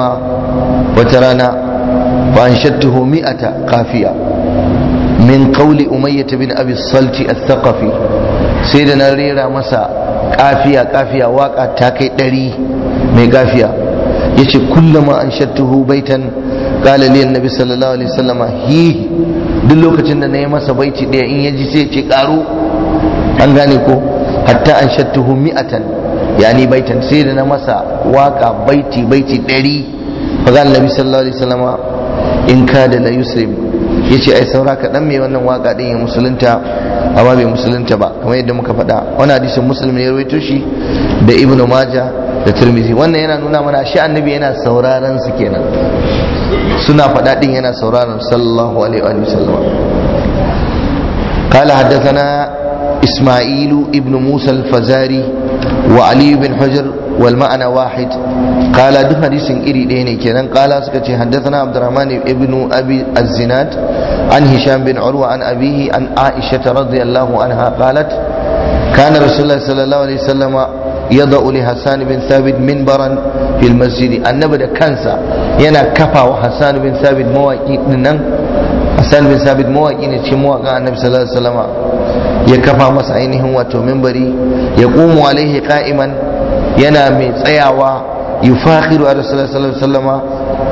وترانا فأنشدته مئة قافية من قول أمية بن أبي الصلت الثقفي سيدنا ريرا مسا قافية قافية واقع تاكي دري مي قافية يجي كلما أنشدته بيتا قال لي النبي صلى الله عليه وسلم هيه duk lokacin da na yi masa baiti ɗaya in ya ji sai ce karo, an gane ko hatta an shattuhu mi'atan ni baitan sai da na masa waka baiti baiti ɗari faga annabi sallallahu alaihi salama in ka da la yusrim yace ai saura ka dan mai wannan waka ɗin ya musulunta amma bai musulunta ba kamar yadda muka faɗa wani hadisin Musulmi ne ya rawaito shi da ibn maja da turmizi wannan yana nuna mana shi annabi yana sauraron su kenan suna faɗa ɗin yana sauraron sallallahu alaihi wa sallam kala haddathana isma'ilu ibn musa al-fazari wa ali ibn hajar wal wahid kala duk hadisin iri ɗaya ne kenan kala suka ce haddathana abdurrahman ibn abi az-zinad an hisham bin urwa an abihi an aisha radiyallahu anha qalat kana rasulullah sallallahu alaihi wa sallam yada'u uli Hassan bin Thabit minbaran fil masjid annabi da kansa yana kafawa Hassan bin Thabit mawaki dinnan Hassan bin Thabit mawaki ne cikin mawakan annabi sallallahu alaihi wasallam ya kafa masa ainihin wato minbari ya qumu alaihi qa'iman yana mai tsayawa yufakhiru ala sallallahu sallama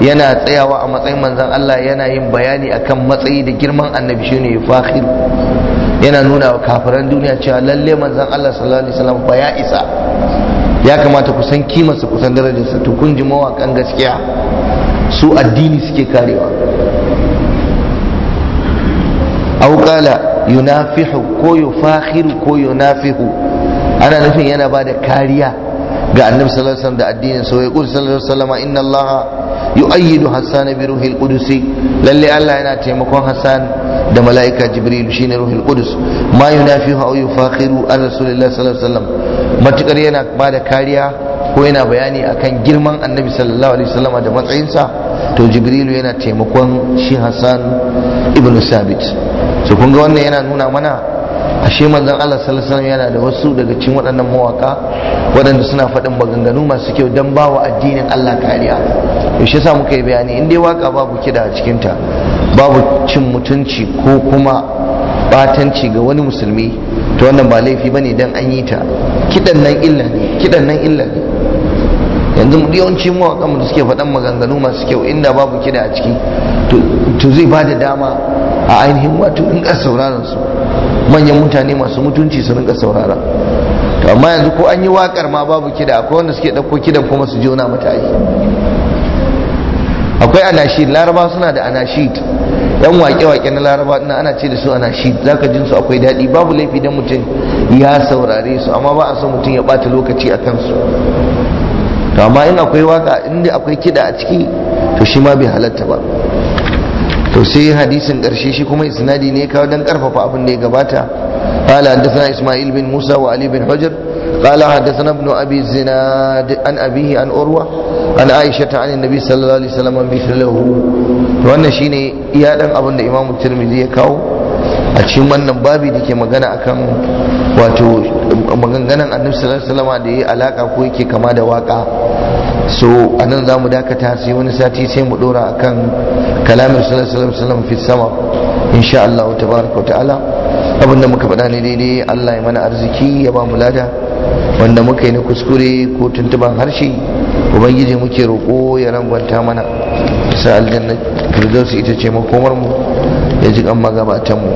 yana tsayawa a matsayin manzon Allah yana yin bayani akan matsayi da girman annabi shine yufakhiru yana nuna wa kafiran duniya cewa lalle manzon Allah sallallahu alaihi wasallam ba ya isa ya kamata ku san kimar su kusan darajar su tukun ji mawakan gaskiya su addini suke karewa aw qala yunafihu ko yufakhiru ko yunafihu ana nufin yana ba da kariya ga annabi sallallahu alaihi wasallam da addinin sa ya qul sallallahu alaihi wasallam inna allaha yu'ayyidu hassan bi ruhil qudus lalle Allah yana taimakon hassan da mala'ika jibril shine ruhul qudus ma yunafihu aw yufakhiru an rasulillah sallallahu alaihi wasallam matukar yana ba da kariya ko yana bayani akan girman annabi sallallahu alaihi wasallam da matsayinsa to jibril yana taimakon shi hasan ibnu sabit so kun ga wannan yana nuna mana ashe manzon Allah sallallahu alaihi wasallam yana da wasu daga cikin waɗannan mawaka waɗanda suna faɗin maganganu masu kyau don bawa addinin Allah kariya Yaushe shi yasa muka yi bayani in dai waka babu kida a cikinta? babu cin mutunci ko kuma batanci ga wani musulmi to wannan ba laifi bane dan an yi ta kidan nan illa ne kidan nan illa ne yanzu mu yawanci mawaƙan mu da suke faɗan maganganu masu kyau inda babu kida a ciki to zai ba da dama a ainihin wato ka sauraron su manyan mutane masu mutunci su rinka saurara to amma yanzu ko an yi wakar ma babu kida akwai wanda suke ɗauko kidan kuma su jona mata yi akwai anashid laraba suna da anashid yan wake-wake na laraba ina ana ce da su anashid zaka jin su akwai daɗi babu laifi don mutum ya saurare su amma ba a son mutum ya ɓata lokaci a kansu to amma in akwai waka inda akwai kiɗa a ciki to shi ma bai halatta ba to sai hadisin ƙarshe shi kuma isnadi ne kawo don ƙarfafa abin da ya gabata قال Isma'il bin Musa wa ali bin hajar قال حدثنا ابن أبي الزناد عن أبيه عن أروة عن عائشة عن النبي صلى الله عليه وسلم مثله وأن شيني يا دان أبن الإمام الترمذي يكاو أتشم أن بابي دي كما كان أكم واتو maganganan annabi sallallahu alaihi wasallam da yayi alaka ko yake kama da waka so anan za mu dakata sai wani sati sai mu dora akan kalamin sallallahu alaihi wasallam fi sama insha Allah tabaraka wa ta'ala abinda muka faɗa ne daidai Allah ya mana arziki ya ba mu lada wanda muka yi na kuskure ko tuntuban harshe ubangiji muke roƙo ya rangwanta mana sa aljanna firdausi ita ce makomar mu ya ji kan magabatan mu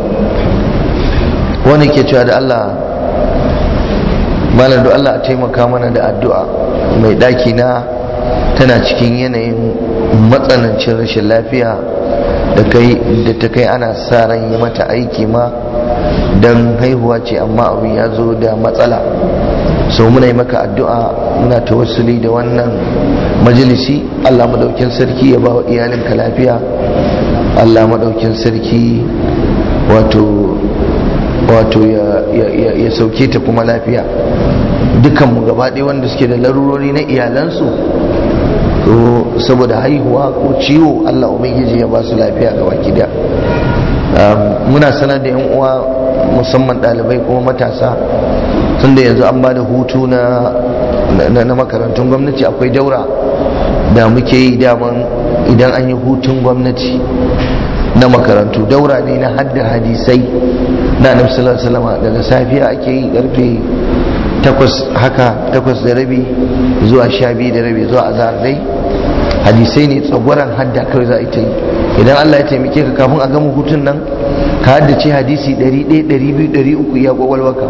wani ke cewa da Allah malam da Allah a taimaka mana da addu'a mai ɗaki na tana cikin yanayin matsanancin rashin lafiya da ta kai ana sa ran yi mata aiki ma don haihuwa ce amma abin ya zo da matsala so muna yi maka addu'a muna ta wasuli da wannan majalisi Allah madaukin sarki ya ba wa iyalinka lafiya Allah madaukin sarki wato wato ya sauke ta kuma lafiya dukanmu gaba ɗaya wanda suke da larurori na iyalansu to saboda haihuwa ko ciwo Allah ubangiji ya ba su lafiya ga baki muna sanar da yan uwa musamman ɗalibai kuma matasa da yanzu an ba da hutu na makarantun gwamnati akwai daura da muke yi daman idan an yi hutun gwamnati na makarantu daura ne na hadda hadisai na annabi salama daga safiya ake yi karfe takwas haka takwas da rabi zuwa sha biyu da rabi zuwa azhar dai hadisai ne tsagwaran hadda kawai za a yi ta yi idan Allah ya taimake ka kafin a gama hutun nan ka haddace hadisi 100 200 300 ya kwakwalwaka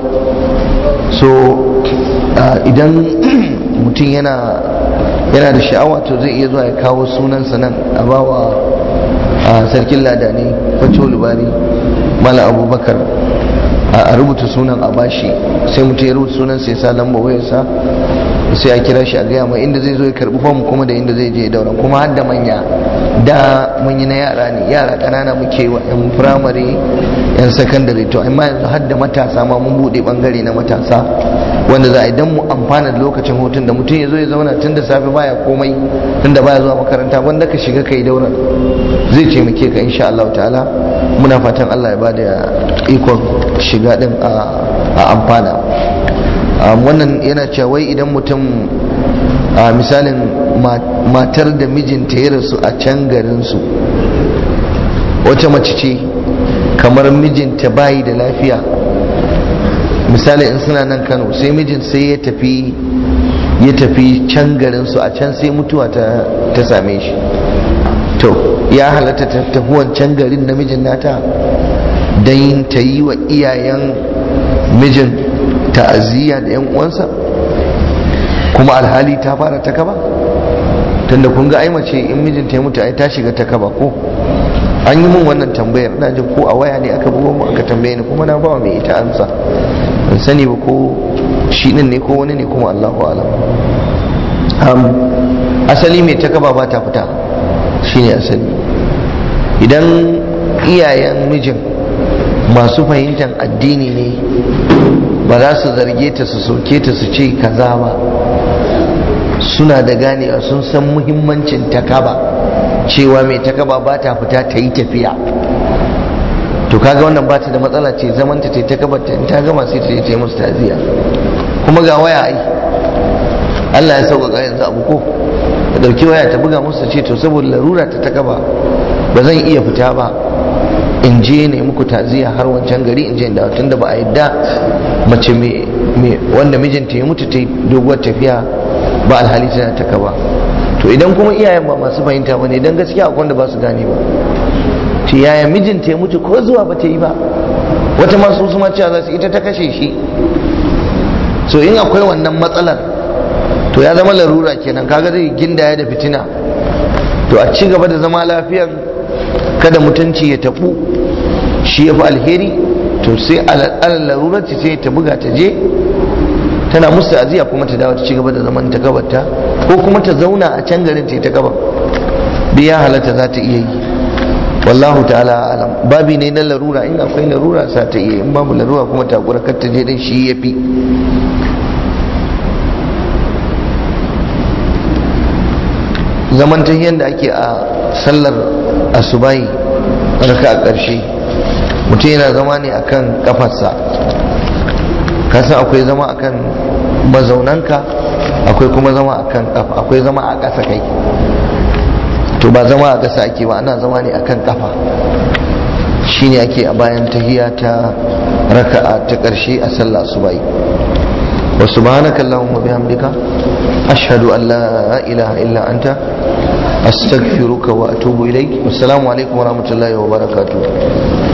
so idan mutum yana da sha'awa to zai iya zuwa ya kawo sunansa nan a bawa sarkin ladani fato lubari mala abubakar a rubuta sunan a bashi sai mutum ya rubuta sunan sai sa lamba wayarsa sai a kira shi a gaya mai inda zai zo ya karbi famu kuma da inda zai je daura kuma har da manya da mun na yara ne yara kanana muke wa yan firamare yan sakandare to amma yanzu har matasa ma mun bude bangare na matasa wanda za a idan mu amfana da lokacin hutun da mutum ya zo ya zauna tun da safe baya komai tun da baya zuwa makaranta wanda ka shiga kai daura zai ce taimake ka insha Allah ta'ala muna fatan Allah ya bada ikon shiga din a amfana wannan yana cewa idan mutum misalin matar da mijinta ya rasu a can garinsu wata mace ce kamar mijinta bayi da lafiya misali in suna nan kano sai mijin sai ya tafi ya tafi can garinsu a can sai mutuwa ta same shi to ya halatta tafiwan can garin mijin nata don ta yi wa iyayen mijin ta'aziyya da 'yan uwansa kuma alhali ta fara ta kaba tunda kun ga aimace in mijinta ya mutu ai ta shiga ta kaba ko an yi min wannan tambayar na ji ko a waya ne aka bugo mu aka tambaye ni kuma na ba mai ita ansa ban sani ba ko shi din ne ko wani ne kuma Allahu alam asali mai ta kaba ba ta fita shine asali idan iyayen mijin masu fahimtar addini ne ba za su zarge ta su soke ta su ce kaza ba suna da ganewa sun san muhimmancin takaba cewa mai takaba ba ta fita ta yi tafiya to kaga wannan ba ta da matsala ce zaman ta takaba ta ta gama sai ta ce musu taziya kuma ga waya ai Allah ya sauƙaƙa yanzu abu ko ta ɗauki waya ta buga musu ce to saboda larura ta takaba ba zan iya fita ba in je ne muku taziya har wancan gari in je da tunda ba a yadda mace wanda mijinta ya mutu ta doguwar tafiya ba alhali tana taka ba to idan kuma iyayen ba masu fahimta ba ne idan gaskiya akwai wanda ba su gane ba ta yaya mijinta ya mutu ko zuwa ba ta yi ba wata masu su ma za su ita ta kashe shi so in akwai wannan matsalar to ya zama larura kenan kaga zai gindaya da fitina to a ci gaba da zama lafiyar kada mutunci ya tafu shi ya fi alheri to sai alal larurarci sai ta buga ta je tana musu aziya kuma ta dawo ta ci gaba da zaman ta gabata ko kuma ta zauna a can garin ta gaban biya halatta za ta iya yi wallahu ta'ala alam babi ne na larura in akwai larura sa ta iya in babu larura kuma ta kura kar ta je din shi fi zaman ta yadda ake a sallar asubai raka a ƙarshe mutum yana zama ne kan kafarsa kasa akwai zama akan mazaunanka akwai kuma zama a kan kafa akwai zama a ƙasa kai to ba zama a ƙasa ake ba ana zama ne kan kafa shine ake a bayan tahiya ta raka'a ta ƙarshe a sallah subai wa subhanaka allahumma bihamdika ashhadu an la ilaha illa anta astaghfiruka wa atubu ilaik assalamu alaikum wa rahmatullahi wa barakatu.